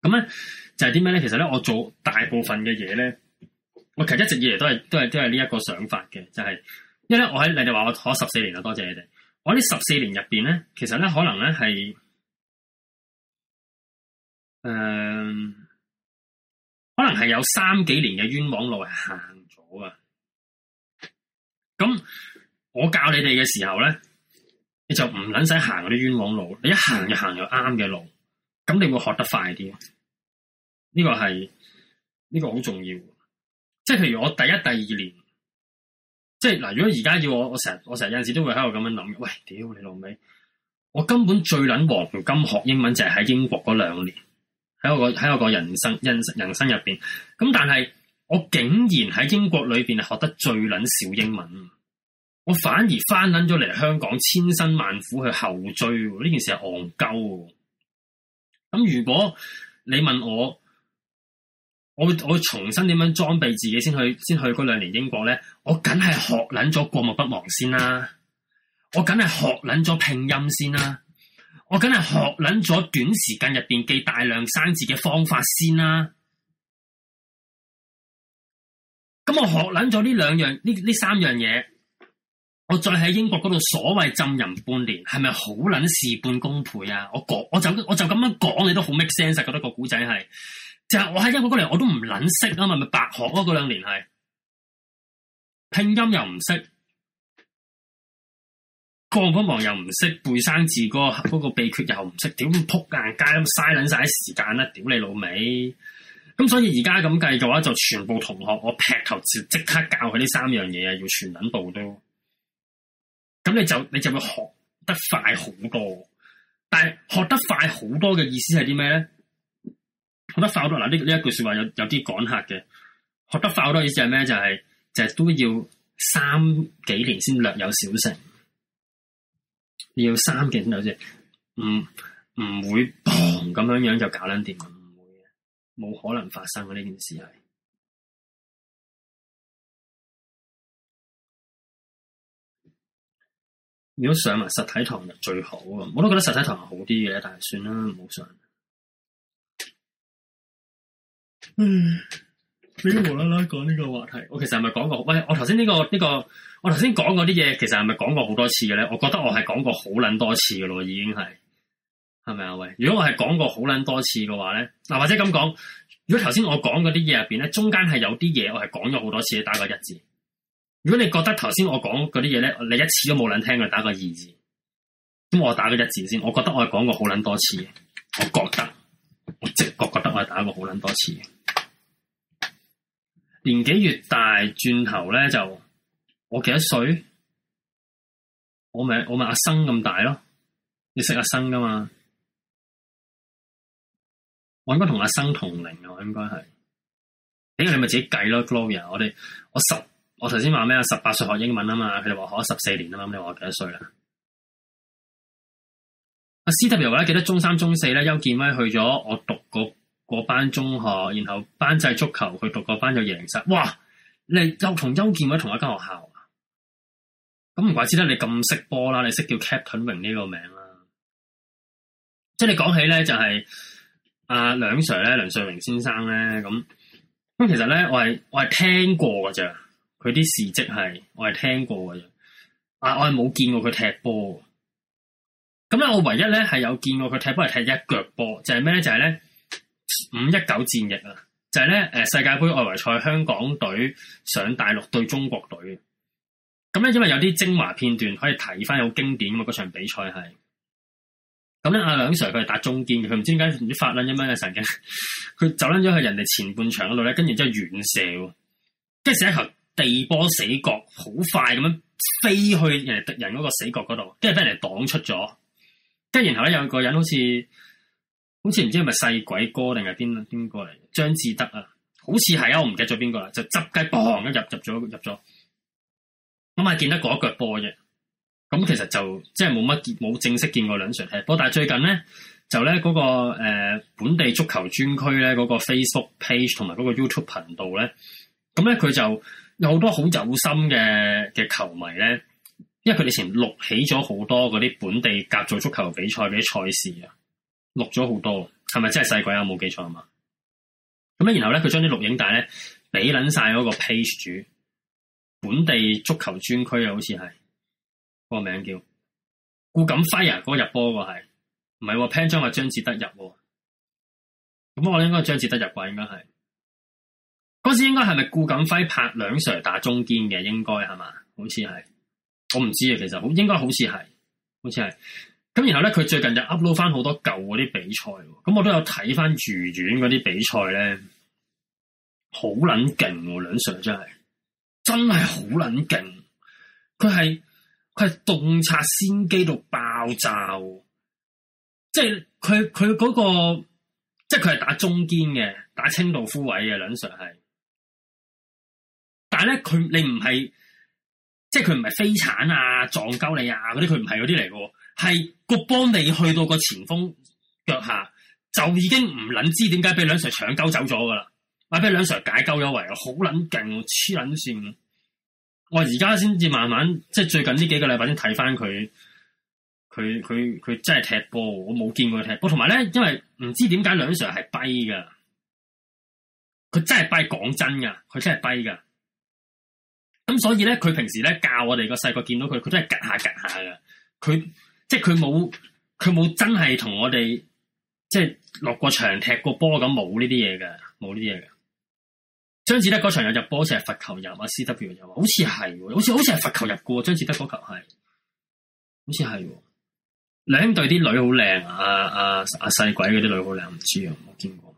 咁咧就係點樣咧？其實咧我做大部分嘅嘢咧，我其實一直以嚟都係都係都係呢一個想法嘅，就係、是、因為咧我喺你哋話我學十四年啊，多謝你哋。我呢十四年入面咧，其實咧可能咧係可能係有三幾年嘅冤枉路係行咗啊。咁我教你哋嘅時候咧，你就唔捻使行嗰啲冤枉路，你一行就行又啱嘅路，咁你會學得快啲。呢個係呢個好重要，即係譬如我第一、第二年，即係嗱，如果而家要我，我成日我成日有陣時都會喺度咁樣諗，喂，屌你老味，我根本最捻黃金學英文就係喺英國嗰兩年。喺我個喺我個人生人人生入邊，咁但係我竟然喺英國裏邊係學得最捻少英文，我反而翻捻咗嚟香港千辛萬苦去後追呢件事係戇鳩。咁如果你問我，我我會重新點樣裝備自己先去先去嗰兩年英國咧？我梗係學捻咗過目不忘先啦，啊，我梗係學捻咗拼音先啦，啊。我梗係學捻咗短時間入邊記大量生字嘅方法先啦。咁我學捻咗呢兩樣呢呢三樣嘢，我再喺英國嗰度所謂浸淫半年，係咪好捻事半功倍啊？我講我就我就咁樣講，你都好 make sense，覺得個古仔係。就係我喺英國嗰度，我都唔捻識啊嘛，咪白學咯嗰兩年係。拼音又唔識。光光忙又唔識背生字歌，嗰個秘訣又唔識，點咁撲硬街咁嘥捻晒啲時間啦，啊！屌你老味咁，所以而家咁計嘅話，就全部同學我劈頭就即刻教佢呢三樣嘢啊，要全捻部都，咁你就你就會學得快好多。但係學得快好多嘅意思係啲咩咧？學得快好多嗱，呢呢一句說話有有啲趕客嘅，學得快好多意思係咩？就係、是、就係、是、都要三幾年先略有小成。你要三件先有啫，唔唔會砰咁樣樣就搞撚掂，唔會嘅，冇可能發生嘅呢件事係。如果上埋實體堂就最好啊！我都覺得實體堂係好啲嘅，但係算啦，唔好上。嗯。你無啦啦講呢個話題，我其實係咪講過？喂，我頭先呢個呢個，我頭先講嗰啲嘢，其實係咪講過好多次嘅咧？我覺得我係講過好撚多次嘅咯，已經係，係咪啊喂？如果我係講過好撚多次嘅話咧，嗱或者咁講，如果頭先我講嗰啲嘢入邊咧，中間係有啲嘢我係講咗好多次，打個一字。如果你覺得頭先我講嗰啲嘢咧，你一次都冇撚聽嘅，打個二字。咁我打個一字先，我覺得我係講過好撚多次嘅，我覺得，我直覺覺得我係打過好撚多次年紀越大，轉頭咧就我幾多歲？我咪我咪阿生咁大咯，你識阿生噶嘛？我應該同阿生同齡啊，應該係。呢個，你咪自己計咯，Gloria，我哋我十我頭先話咩啊？十八歲學英文啊嘛，佢哋話學咗十四年啊嘛，咁你話我幾多歲啦？阿 C W 話咧，記得中三中四咧，邱建威去咗我讀個個班中學，然後班際足球，去讀個班就贏晒。哇！你又同邱健偉同一間學校，啊，咁唔怪之得你咁識波啦，你識叫 Captain 榮呢個名啦。即係你講起咧，就係、是、阿、就是啊、梁 Sir 咧，梁瑞榮先生咧，咁咁其實咧，我係我係聽過噶咋，佢啲事蹟係我係聽過噶啫，啊我係冇見過佢踢波。咁咧，我唯一咧係有見過佢踢波係踢一腳波，就係咩咧？就係、是、咧。五一九戰役啊，就係咧，誒，世界杯外圍賽香港隊上大陸對中國隊，咁咧因為有啲精華片段可以睇翻，好經典嘛嗰場比賽係，咁咧阿梁 Sir 佢係打中堅嘅，佢唔知點解唔知發愣咁樣嘅神經，佢走捻咗去人哋前半場嗰度咧，跟住之後遠射，跟住射一球地波死角，好快咁樣飛去人哋敵人嗰個死角嗰度，跟住俾人哋擋出咗，跟住然後咧有個人好似。好似唔知係咪細鬼哥定係邊邊個嚟？張志德啊，好似係啊，我唔記得咗邊個啦。就執雞棒一入入咗入咗，咁啊見得嗰一腳波啫。咁其實就即係冇乜冇正式見過兩場踢波。但係最近咧就咧、那、嗰個誒、呃、本地足球專區咧嗰個 Facebook page 同埋嗰個 YouTube 頻道咧，咁咧佢就有好多好有心嘅嘅球迷咧，因為佢哋前錄起咗好多嗰啲本地甲組足球比賽嗰啲賽事啊。錄咗好多，係咪真係細鬼啊？冇記錯啊嘛？咁咧，然後咧，佢將啲錄影帶咧俾捻晒嗰個 page 主本地足球專區啊，好似係，嗰個名叫顧錦輝啊，嗰、嗰個入波個係，唔係 Pan 張啊，張志德入。咁我應該係張志德入啩，應該係嗰時應該係咪顧錦輝拍兩 Sir 打中堅嘅，應該係嘛？好似係，我唔知啊，其實應該好應該好似係，好似係。咁然後咧，佢最近就 upload 翻，好多舊嗰啲比賽，咁我都有睇翻住院嗰啲比賽咧，好捻勁喎，梁 Sir 真係真係好捻勁，佢係佢係洞察先機度爆炸，即係佢佢嗰個，即係佢係打中堅嘅，打清道夫位嘅梁 Sir 係，但係咧佢你唔係，即係佢唔係飛鏟啊、撞鳩你啊嗰啲，佢唔係嗰啲嚟嘅。係個波，未去到個前鋒腳下就已經唔捻知點解俾梁 Sir 搶鳩走咗噶啦！話俾梁 Sir 解鳩咗為好好捻勁，黐捻線。我而家先至慢慢，即係最近呢幾個禮拜先睇翻佢，佢佢佢真係踢波，我冇見過佢踢波。同埋咧，因為唔知點解梁 Sir 係跛噶，佢真係跛，講真噶，佢真係跛噶。咁所以咧，佢平時咧教我哋個細個見到佢，佢都係夾下夾下噶，佢。即係佢冇，佢冇真係同我哋，即係落過場踢過波咁冇呢啲嘢嘅，冇呢啲嘢嘅。張智德嗰場有隻波，好似係罰球入啊！C W 又話好似係，好似好似係罰球入嘅，張智德嗰球係，好似係。兩隊啲女好靚啊！阿阿細鬼嗰啲女好靚，唔知啊，冇見過。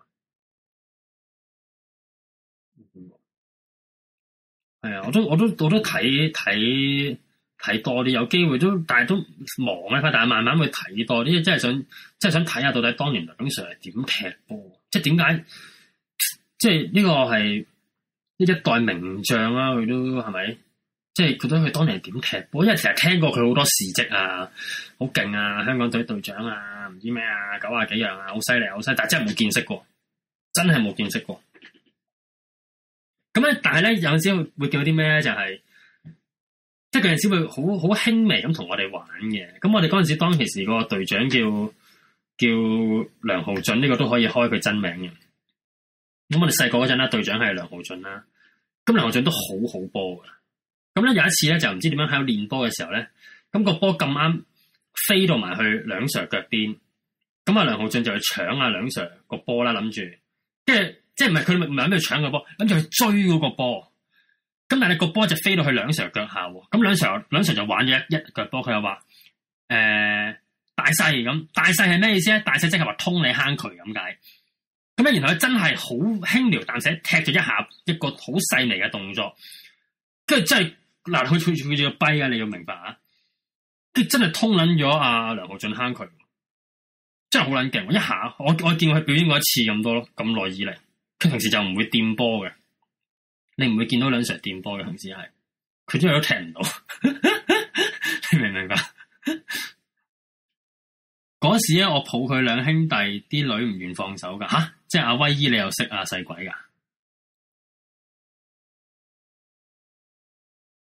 係啊，我都我都我都睇睇。睇多啲，有機會都，但係都忙啊！但係慢慢會睇多啲，即係想，即係想睇下到底當年梁 Sir 係點踢波，即係點解，即係呢個係呢一代名將啦、啊。佢都係咪？即係覺得佢當年點踢波，因為成日聽過佢好多事跡啊，好勁啊，香港隊隊長啊，唔知咩啊，九啊幾樣啊，好犀利，好犀，啊啊，但係真係冇見識過，真係冇見識過。咁樣，但係咧有陣時會見到啲咩咧？就係、是。嗰陣時會好好輕微咁同我哋玩嘅，咁我哋嗰陣時當其時個隊長叫叫梁浩俊，呢個都可以開佢真名嘅。咁我哋細個嗰陣啦，隊長係梁浩俊啦。咁梁浩俊都好好波嘅。咁咧有一次咧，就唔知點樣喺度練波嘅時候咧，咁個波咁啱飛到埋去梁 Sir 腳邊，咁啊梁浩俊就去搶啊梁 Sir 個波啦，諗住，即係即係唔係佢唔係去搶個波，諗住去追嗰個波。咁但係個波就飛到去梁 Sir 腳下，哦，咁梁 Sir 梁 Sir 就玩咗一一腳波，佢又話誒大細咁，大細係咩意思咧？大細即係話通你坑渠咁解。咁樣然後佢真係好輕描淡寫踢咗一下，一個好細微嘅動作，跟住真係嗱佢佢佢叫跛啊！你要明白啊！跟住真係通捻咗阿梁浩俊坑渠，真係好捻勁！一下我我見過佢表演過一次咁多咯，咁耐以嚟，佢平時就唔會掂波嘅。你唔會見到梁 Sir 碰波嘅，同時係佢出去都踢唔到呵呵，你明唔明白？嗰 時咧，我抱佢兩兄弟，啲女唔願放手噶吓。即係阿威姨，你又識阿、啊、細鬼噶？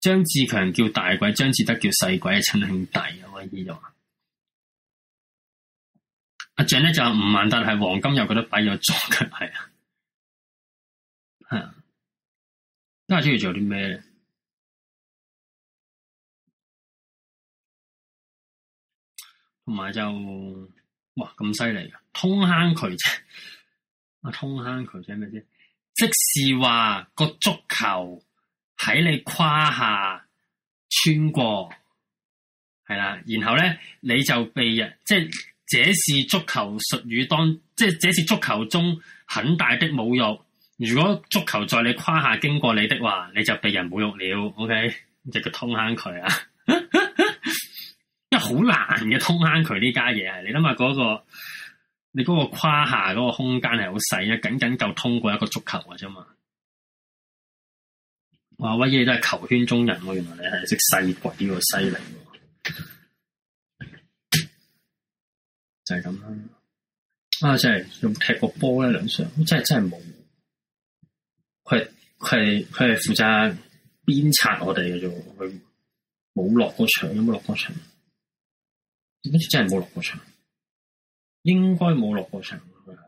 張志強叫大鬼，張志德叫細鬼啊，親兄弟啊，威姨又阿鄭咧就吳萬達係黃金又覺得擺咗做嘅係啊，係啊。鍾意做啲咩呢？同埋就哇咁犀利嘅，通坑渠啫！啊，通坑渠啫，係咩啫？即是話個足球喺你胯下穿過，係啦，然後咧你就被人即係，這是足球術語當，即係這是足球中很大的侮辱。如果足球在你胯下經過你的話，你就被人侮辱了，OK？即叫通坑渠啊，因為好難嘅通坑渠呢家嘢，係你諗下嗰個，你嗰個胯下嗰個空間係好細，僅僅夠通過一個足球嘅啫嘛。哇！威嘢都係球圈中人喎，原來你係識細鬼這個犀利，就係咁啦。啊！真係有踢過波咧，梁 Sir 真係真係冇。佢佢係佢係負責鞭策我哋嘅啫，佢冇落過場，有冇落過場？點解真係冇落過場？應該冇落過場，佢係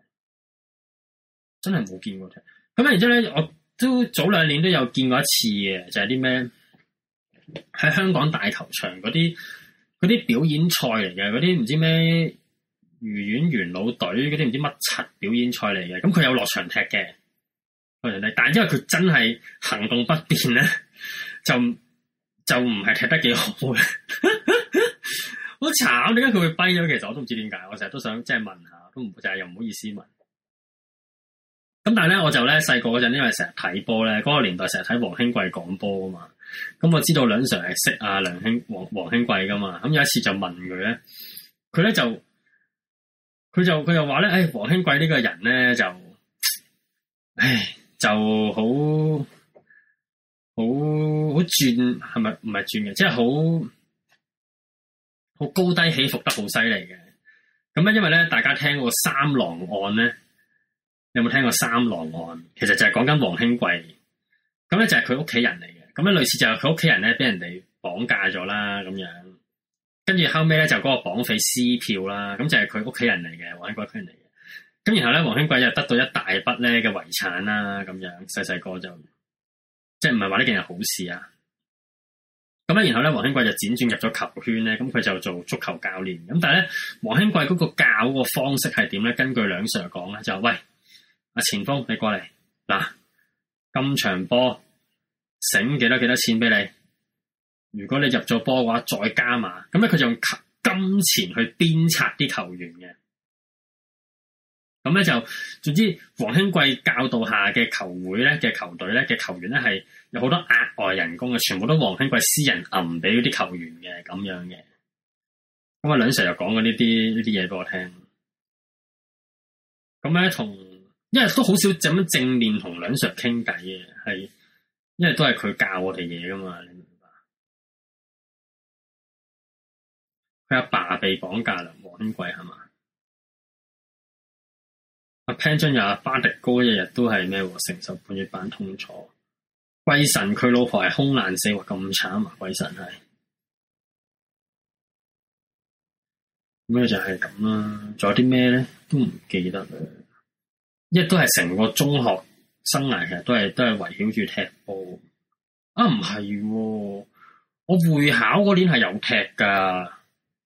真係冇見過場。咁啊，然之後咧，我都早兩年都有見過一次嘅，就係啲咩喺香港大球場嗰啲嗰啲表演賽嚟嘅，嗰啲唔知咩愉園元老隊嗰啲唔知乜柒表演賽嚟嘅，咁佢有落場踢嘅。但因為佢真係行動不便咧，就就唔係踢得幾好嘅，好 慘。點解佢會跛咗？其實我都唔知點解。我成日都想即係問下，都唔就係又唔好意思問。咁但係咧，我就咧細個嗰陣，因為成日睇波咧，嗰、那個年代成日睇黃興貴講波啊嘛。咁我知道梁 Sir 係識阿梁興黃黃興貴噶嘛。咁有一次就問佢咧，佢咧就佢就佢又話咧，誒、哎，黃興貴呢個人咧就，唉。就好，好好轉係咪唔係轉嘅，即係好好高低起伏得好犀利嘅。咁因為咧，大家聽個三狼案咧，有冇聽過三狼案？其實就係講緊黃興貴，咁咧就係佢屋企人嚟嘅。咁咧類似就係佢屋企人咧，俾人哋綁架咗啦，咁樣。跟住後尾咧就嗰個綁匪撕票啦，咁就係佢屋企人嚟嘅，黃興貴屋企人嚟嘅。咁然後咧，黃興貴就得到一大筆咧嘅遺產啦，咁樣細細個就即係唔係話呢件係好事啊。咁咧，然後咧，黃興貴就輾轉入咗球圈咧，咁佢就做足球教練。咁但係咧，黃興貴嗰個教個方式係點咧？根據梁 Sir 講咧，就係喂，阿前鋒，你過嚟嗱，咁場波省幾多幾多錢俾你？如果你入咗波嘅話，再加碼。咁咧，佢就用金錢去鞭策啲球員嘅。咁咧就，總之黃興貴教導下嘅球會咧嘅球隊咧嘅球員咧係有好多額外人工嘅，全部都黃興貴私人銀俾啲球員嘅咁樣嘅。咁啊，梁 Sir 又講過呢啲呢啲嘢俾我聽。咁咧，同因為都好少咁樣正面同梁 Sir 傾偈嘅，係因為都係佢教我哋嘢噶嘛，你明白？佢阿爸，爸被綁架啦，黃興貴係嘛？阿潘俊仁阿巴迪哥一，一日都係咩承受半月板痛楚？鬼神佢老婆係空難死，話咁慘啊！鬼神係咩就係咁啦。仲有啲咩咧？都唔記得啦。一都係成個中學生涯，其實都係都係圍繞住踢波。啊，唔係、啊，我會考嗰年係有踢噶。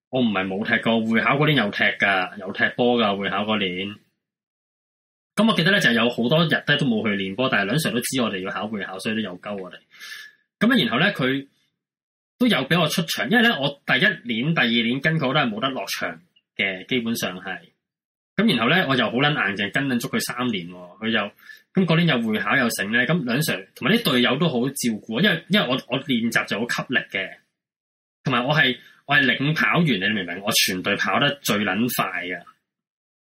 我唔係冇踢過，會考嗰年有踢噶，有踢波噶，會考嗰年。咁我記得咧，就有好多日咧都冇去練波，但係梁 Sir 都知我哋要考會考，所以都有教我哋。咁樣然後咧，佢都有俾我出場，因為咧我第一年、第二年跟佢都係冇得落場嘅，基本上係。咁然後咧，我就好捻硬淨跟緊足佢三年，佢又，咁嗰年又會考又成咧。咁梁 Sir 同埋啲隊友都好照顧，因為因為我我練習就好吸力嘅，同埋我係我係領跑員，你明唔明？我全隊跑得最捻快嘅，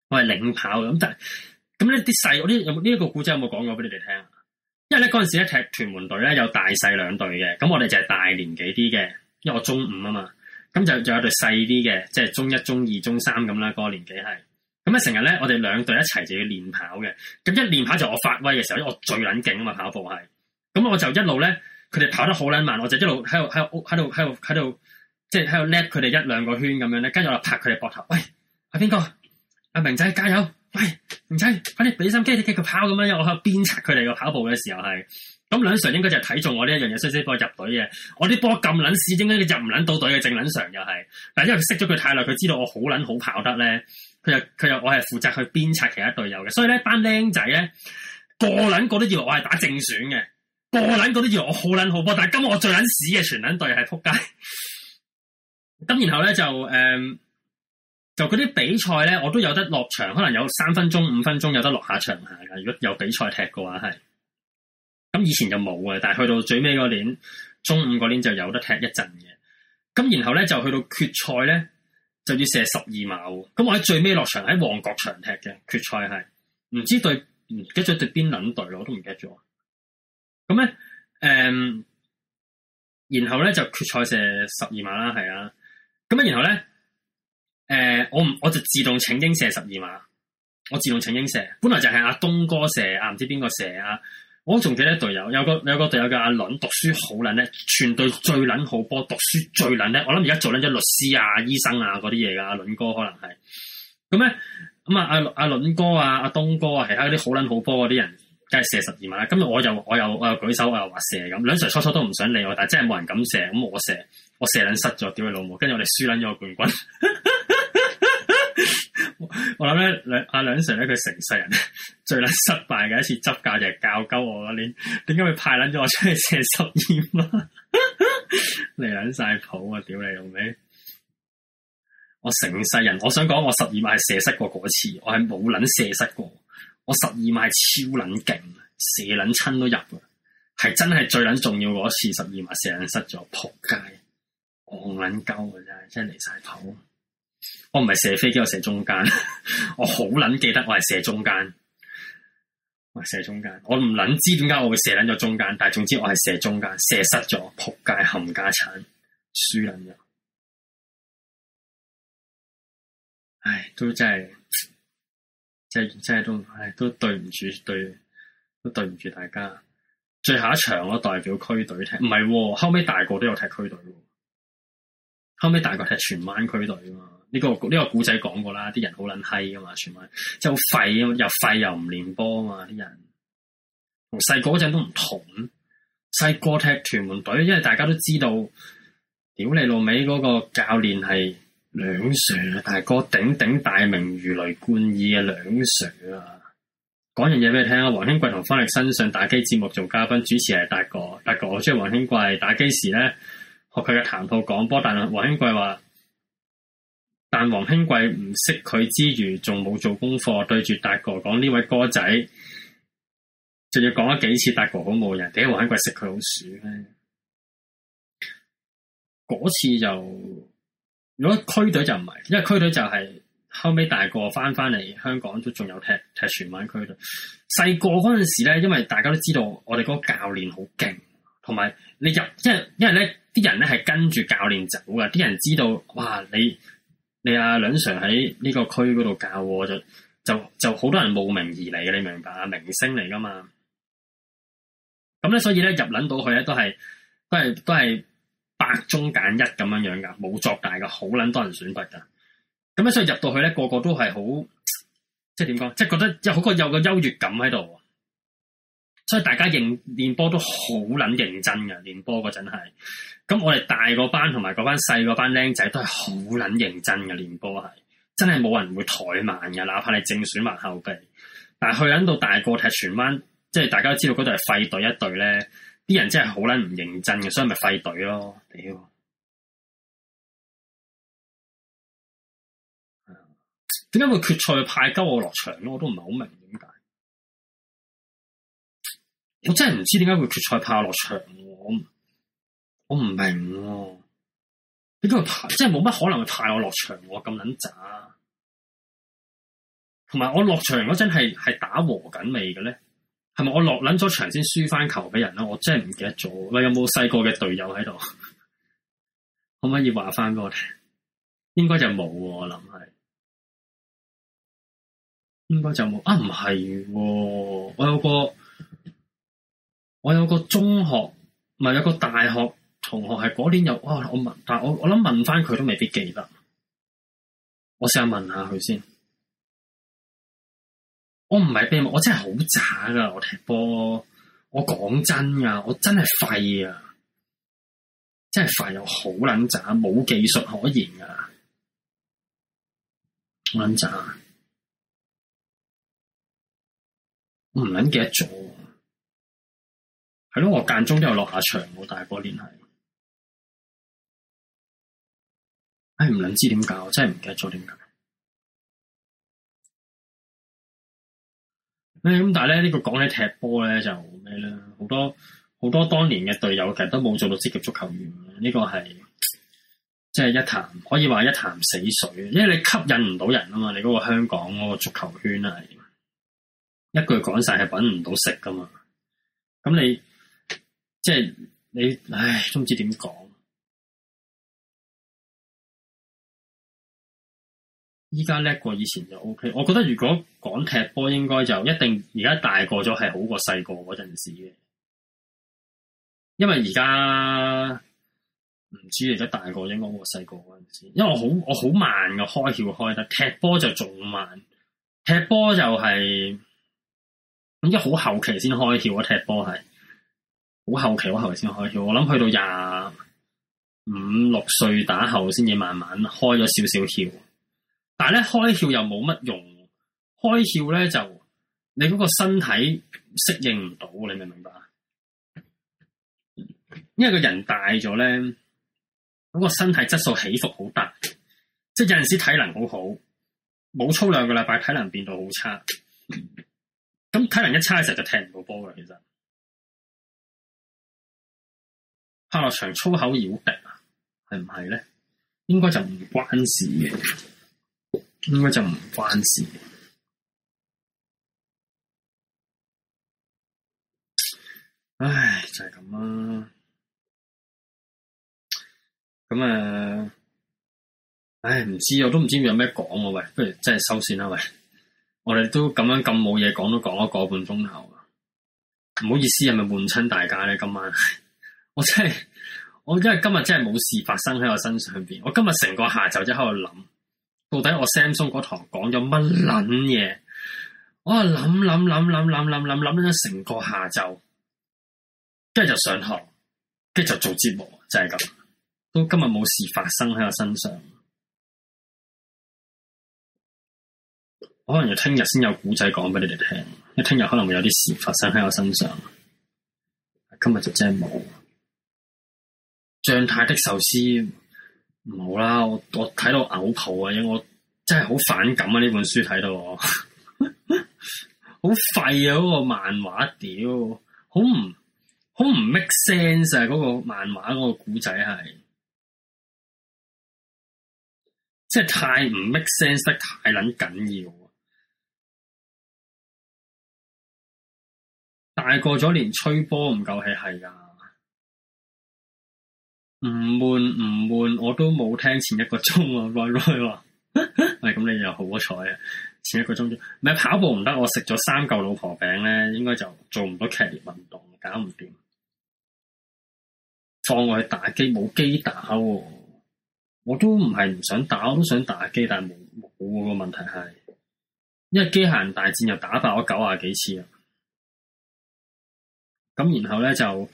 我係領跑咁，但係。咁呢啲細，我呢有呢一個古仔有冇講過俾你哋聽？因為咧嗰陣時咧踢屯門隊咧有大細兩隊嘅，咁我哋就係大年紀啲嘅，因為我中五啊嘛，咁就仲有隊細啲嘅，即係中一、中二、中三咁啦，嗰個年紀係，咁啊成日咧我哋兩隊一齊就要練跑嘅，咁一練跑就我發威嘅時候，因為我最撚勁啊嘛，跑步係，咁我就一路咧，佢哋跑得好撚慢，我就一路喺度喺度喺度喺度喺度，即係喺度叻佢哋一兩個圈咁樣咧，跟住我就拍佢哋膊頭，喂，阿邊個阿明仔加油！喂，唔使快啲俾心機，你俾佢跑咁樣，我喺度鞭策佢哋個跑步嘅時候係，咁梁 Sir 應該就係睇中我呢一樣嘢，先先幫我入隊嘅。我啲波咁撚屎，點解入唔撚到隊嘅正撚常又係，但係因為識咗佢太耐，佢知道我好撚好跑得咧，佢又佢又我係負責去鞭策其他隊友嘅，所以咧班僆仔咧個撚個都以為我係打正選嘅，個撚個都以為我好撚好波，但係今日我最撚屎嘅全撚隊係扑街，咁然後咧就誒。嗯就嗰啲比賽咧，我都有得落場，可能有三分鐘、五分鐘有得落下場下嘅。如果有比賽踢嘅話，係咁以前就冇嘅，但係去到最尾嗰年，中五嗰年就有得踢一陣嘅。咁然後咧就去到決賽咧，就要射十二碼。咁我喺最尾落場喺旺角場踢嘅決賽係，唔知對唔記得對邊捻隊咯，我都唔記得咗。咁咧，誒、嗯，然後咧就決賽射十二碼啦，係啊。咁啊，然後咧。誒、呃，我唔，我就自動請纓射十二碼，我自動請纓射。本來就係阿東哥射，阿唔知邊個射啊？我仲記得隊友有個有個隊友叫阿倫，讀書好撚叻，全隊最撚好波，讀書最撚叻。我諗而家做緊啲律師啊、醫生啊嗰啲嘢噶，阿倫哥可能係。咁咧，咁啊阿阿倫哥啊阿東哥啊，其他啲好撚好波嗰啲人。梗係射十二萬啦，咁我又我又我又舉手，我又話射咁，梁 Sir 初初都唔想理我，但係真係冇人敢射，咁我射，我射撚失咗，屌你老母，跟住我哋輸撚咗個冠軍。 我諗咧，阿梁 Sir 咧，佢成世人最撚失敗嘅一次執教,教我，就係教鳩我啦，你點解會派撚咗我出去射十二萬？嚟撚晒譜啊，屌你老味。我成世人，我想講我十二萬係射失過嗰次，我係冇撚射失過。我十二碼超捻勁，射捻親都入啊！係真係最捻重要嗰次十二碼射捻失咗，撲街我好捻鳩噶咋，真係離晒譜！我唔係射飛機，我射中間，我好捻記得我係射中間，我射中間，我唔捻知點解我會射捻咗中間，但係總之我係射中間射失咗，撲街冚家鏟輸捻咗，唉，都真係。即係，即係都，唉，都對唔住，對，都對唔住大家。最後一場我代表區隊踢，唔係，後尾大個都有踢區隊。後尾大個踢荃灣區隊啊嘛，呢個呢個古仔講過啦，啲人好撚閪噶嘛，荃灣即係好廢啊，又廢又唔練波啊嘛，啲人。同細個嗰陣都唔同，細個踢屯門隊，因為大家都知道，屌你老味嗰個教練係。梁 Sir 啊，大哥鼎鼎大名如雷貫耳嘅梁 Sir 啊，講完嘢俾你聽啊，黃興貴同方力申上打機節目做嘉賓主持係達哥，達哥我中意黃興貴，打機時咧學佢嘅談吐講波，但黃興貴話，但黃興貴唔識佢之餘，仲冇做功課，對住達哥講呢位哥仔，仲要講咗幾次達哥好冇人，點解黃興貴識佢老鼠咧，嗰次就。如果區隊就唔係，因為區隊就係後尾大個翻翻嚟香港都仲有踢踢荃灣區隊。細個嗰陣時咧，因為大家都知道我哋嗰個教練好勁，同埋你入，因為因為咧啲人咧係跟住教練走噶，啲人知道哇，你你阿、啊、梁 Sir 喺呢個區嗰度教，就就就好多人慕名而嚟嘅，你明白啊？明星嚟噶嘛？咁咧，所以咧入捻到去咧，都係都係都係。百中揀一咁樣樣噶，冇作大嘅，好撚多人選拔噶。咁樣所以入到去咧，個個都係好，即係點講？即係覺得有好個有個優越感喺度。所以大家認練波都好撚認真嘅，練波嗰陣係。咁我哋大個班同埋個班細個班僆仔都係好撚認真嘅練波，係真係冇人會怠慢嘅。哪怕你正選或後備，但係去撚到大個踢荃灣，即係大家都知道嗰度係廢隊一隊咧。啲人真係好撚唔認真嘅，所以咪廢隊咯。屌，點解會決賽派鳩我落場咯？我都唔係好明點解。我真係唔知點解會決賽派我落場。我唔我唔明喎、啊。點解會派？真係冇乜可能會派我落場喎。咁撚渣。同埋我落場嗰陣係，係打和緊未嘅咧？埋我落捻咗場先輸翻球俾人啊，我真係唔記得咗。喂，有冇細個嘅隊友喺度？可唔可以話翻俾我聽？應該就冇，我諗係。應該就冇啊？唔係，哦，我有個我有個中學，唔係有個大學同學係嗰年有啊。我問，但係我我諗問翻佢都未必記得。我試下問下佢先。我唔係秘密，我真係好渣噶！我踢波，我講真噶，我真係廢啊！真係廢，又好撚渣，冇技術可言噶，好撚渣，我唔撚記得咗。係咯，我間中都有落下場冇大波練年係，唉，唔撚知點解，我真係唔記得咗點解。咁但係咧，呢個講起踢波咧就咩啦？好多好多當年嘅隊友其實都冇做到職業足球員，呢個係，即係一潭可以話一潭死水，因為你吸引唔到人啊嘛！你嗰個香港嗰個足球圈係，一句講晒係搵唔到食噶嘛，咁你即係你唉都唔知點講。依家叻過以前就 O K，我覺得如果講踢波，應該就一定而家大個咗係好過細個嗰陣時嘅，因為而家唔知而家大個應該好過細個嗰陣時，因為我好我好慢噶開竅開得，踢波就仲慢，踢波就係咁即係好後期先開竅，我踢波係好後期好後期先開竅，我諗去到廿五六歲打後，先至慢慢開咗少少竅。但係咧，開竅又冇乜用，開竅咧就你嗰個身體適應唔到，你明唔明白啊？因為個人大咗咧，嗰個身體質素起伏好大，即係有陣時體能好好，冇操兩個禮拜體能變到好差，咁體能一差嘅時候就踢唔到波啦。其實，拍落場粗口擾敵啊，係唔係咧？應該就唔關事嘅。應該就唔關事。唉，就係咁啦。咁啊，唉，唔知我都唔知有咩講喎。喂，不如真係收線啦。喂，我哋都咁樣咁冇嘢講，都講咗個半鐘頭。唔好意思，係咪悶親大家咧？今晚我真係我因為今日真係冇事發生喺我身上邊。我今日成個下晝都喺度諗。到底我 Samsung 嗰堂講咗乜撚嘢？我啊，諗諗諗諗諗諗諗諗咗成個下晝，跟住就上學，跟住就做節目，就係、是、咁。都今日冇事發生喺我身上，我可能要聽日先有古仔講俾你哋聽，因為聽日可能會有啲事發生喺我身上。今日就真係冇。像泰的壽司。唔好啦，我我睇到嘔吐啊，因為我真係好反感啊，呢本書睇到我 廢、啊，好廢啊嗰個漫畫，屌，好唔好唔 make sense 啊嗰、嗰個漫畫嗰、嗰個古仔係，即係太唔 make sense 得太捻緊要，大個咗連吹波唔夠氣係噶。唔悶唔悶，我都冇聽前一個鐘啊！喂喂，喂，咁你又好彩啊！前一個鐘咩跑步唔得，我食咗三舊老婆餅咧，應該就做唔到劇烈運動，搞唔掂。放我去打機，冇機打喎，哦，我都唔係唔想打，我都想打機，但係冇冇個問題係，因為機械人大戰又打爆咗九廿幾次啊，咁然後咧就，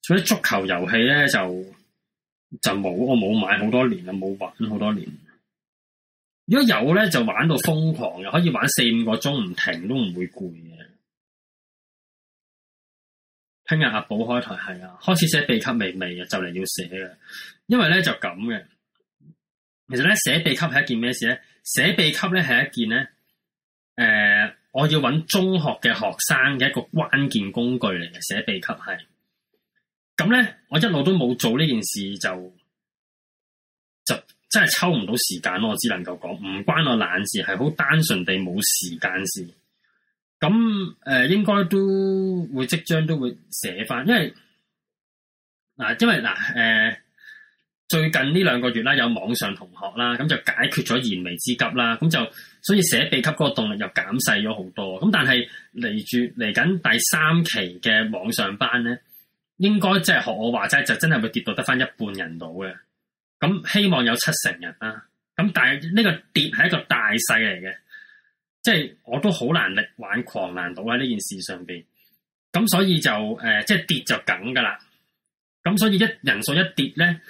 所以足球遊戲咧就。就冇，我冇買好多年啦，冇玩好多年。如果有咧，就玩到瘋狂又可以玩四五個鐘唔停都唔會攰嘅。聽日阿寶開台係啊，開始寫秘笈未未啊，就嚟要寫啦。因為咧就咁嘅。其實咧寫秘笈係一件咩事咧？寫秘笈咧係一件咧，誒、呃，我要搵中學嘅學生嘅一個關鍵工具嚟嘅，寫秘笈係。咁咧，我一路都冇做呢件事，就就真係抽唔到時間咯。我只能夠講，唔關我懶事，係好單純地冇時間事。咁、呃、應該都會即將都會寫返，因為嗱，因為嗱、呃、最近呢兩個月啦，有網上同學啦，咁就解決咗燃眉之急啦，咁就所以寫秘笈嗰個動力又減細咗好多。咁但係嚟住嚟緊第三期嘅網上班咧。應該即係學我話齋，就真係會跌到得翻一半人到嘅。咁希望有七成人啦。咁但係呢個跌係一個大勢嚟嘅，即係我都好難力挽狂瀾到喺呢件事上邊。咁所以就即係、呃、跌就梗㗎啦。咁所以一人數一跌咧，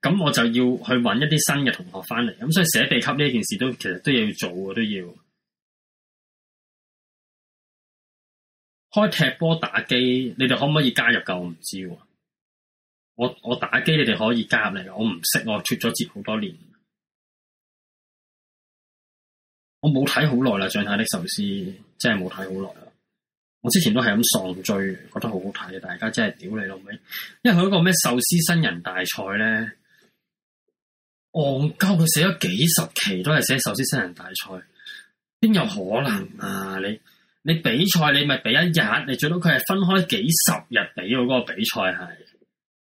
咁我就要去搵一啲新嘅同學翻嚟。咁所以寫地級呢件事都其實都要做嘅，都要。開踢波打機，你哋可唔可以加入噶？我唔知喎。我我打機，你哋可以加入嚟。我唔識，我脫咗節好多年。我冇睇好耐啦，《將太的壽司》真係冇睇好耐啦。我之前都係咁喪追，覺得好好睇。大家真係屌你老味！因為佢嗰個咩壽司新人大賽咧，戇鳩佢寫咗幾十期都係寫壽司新人大賽，邊有可能啊你？你比賽你咪比一日，你最多佢係分開幾十日比嗰、那個比賽係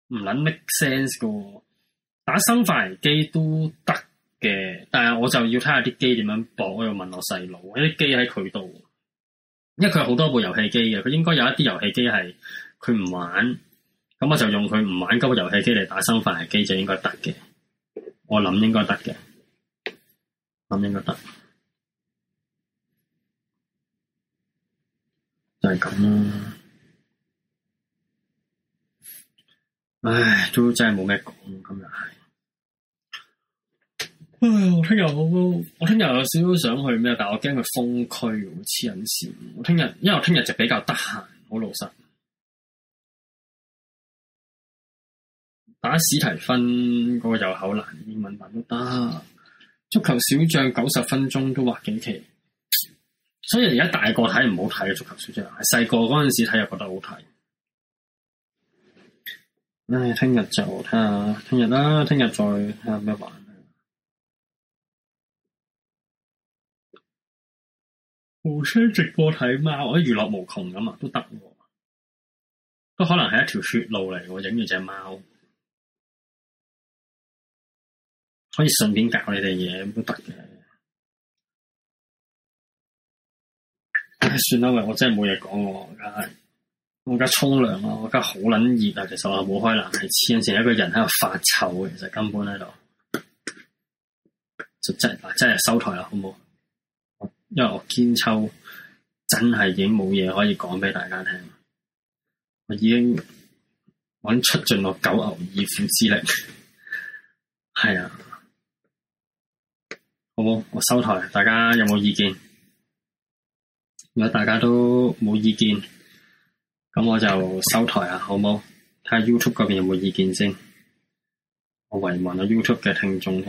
唔捻 make sense 噶、啊，打生化危機都得嘅，但係我就要睇下啲機點樣博，我要問我細佬，呢啲機喺佢度，因為佢有好多部遊戲機嘅，佢應該有一啲遊戲機係佢唔玩，咁我就用佢唔玩嗰部遊戲機嚟打生化危機就應該得嘅，我諗應該得嘅，諗應該得。就係咁啦，唉，都真係冇咩講，咁又係。唉，我聽日好，我聽日有少少想去咩，但係我驚佢封區，會黐引線。我聽日，因為我聽日就比較得閒，好老實。打史提芬嗰、嗰個有口難，連問問都得。足球小將九十分鐘都畫幾期。所以而家大個睇唔好睇嘅足球書籍，細個嗰陣時睇又覺得好睇。唉，聽日就睇下，聽日啦，聽日再睇下咩玩。無車直播睇貓，我啲娛樂無窮咁啊，都得。都可能係一條血路嚟，我影住隻貓，可以順便教你哋嘢，都得嘅。算啦，我真係冇嘢講，我而家我而家沖涼啦，我而家好捻熱啊！其實我冇開冷氣，黐撚成一個人喺度發臭，其實根本喺度就真係真係收台啦，好唔好？因為我堅抽真係已經冇嘢可以講俾大家聽，我已經揾出盡我九牛二虎之力，係啊，好唔好？我收台，大家有冇意見？如果大家都冇意見，咁我就收台啊，好冇？睇下 YouTube 嗰邊有冇意見先。我遺忘咗 YouTube 嘅聽眾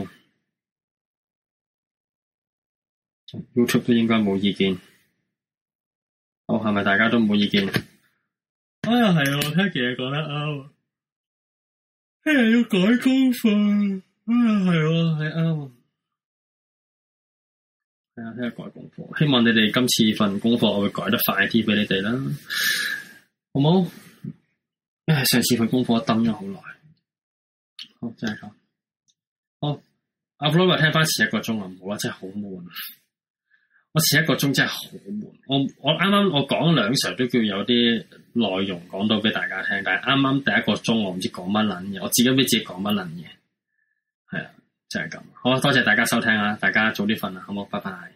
YouTube 都應該冇意見。哦，係咪大家都冇意見？啊、哎，係啊，聽嘢講得啱啊，聽、哎、日要改功課哎啊，係、嗯、啊，係啱。係啊，聽日改功課，希望你哋今次份功課我會改得快啲俾你哋啦，好冇？唉，上次份功課登咗好耐，好真係咁。好，阿 Flora 聽翻前一個鐘啊，冇啦，真係好悶。我前一個鐘真係好悶。我我啱啱我講兩成都叫有啲內容講到俾大家聽，但係啱啱第一個鐘我唔知講乜撚嘢，我自己都唔知講乜撚嘢，係啊。就係咁，好多謝大家收聽啊！大家早啲瞓啦，好冇？拜拜。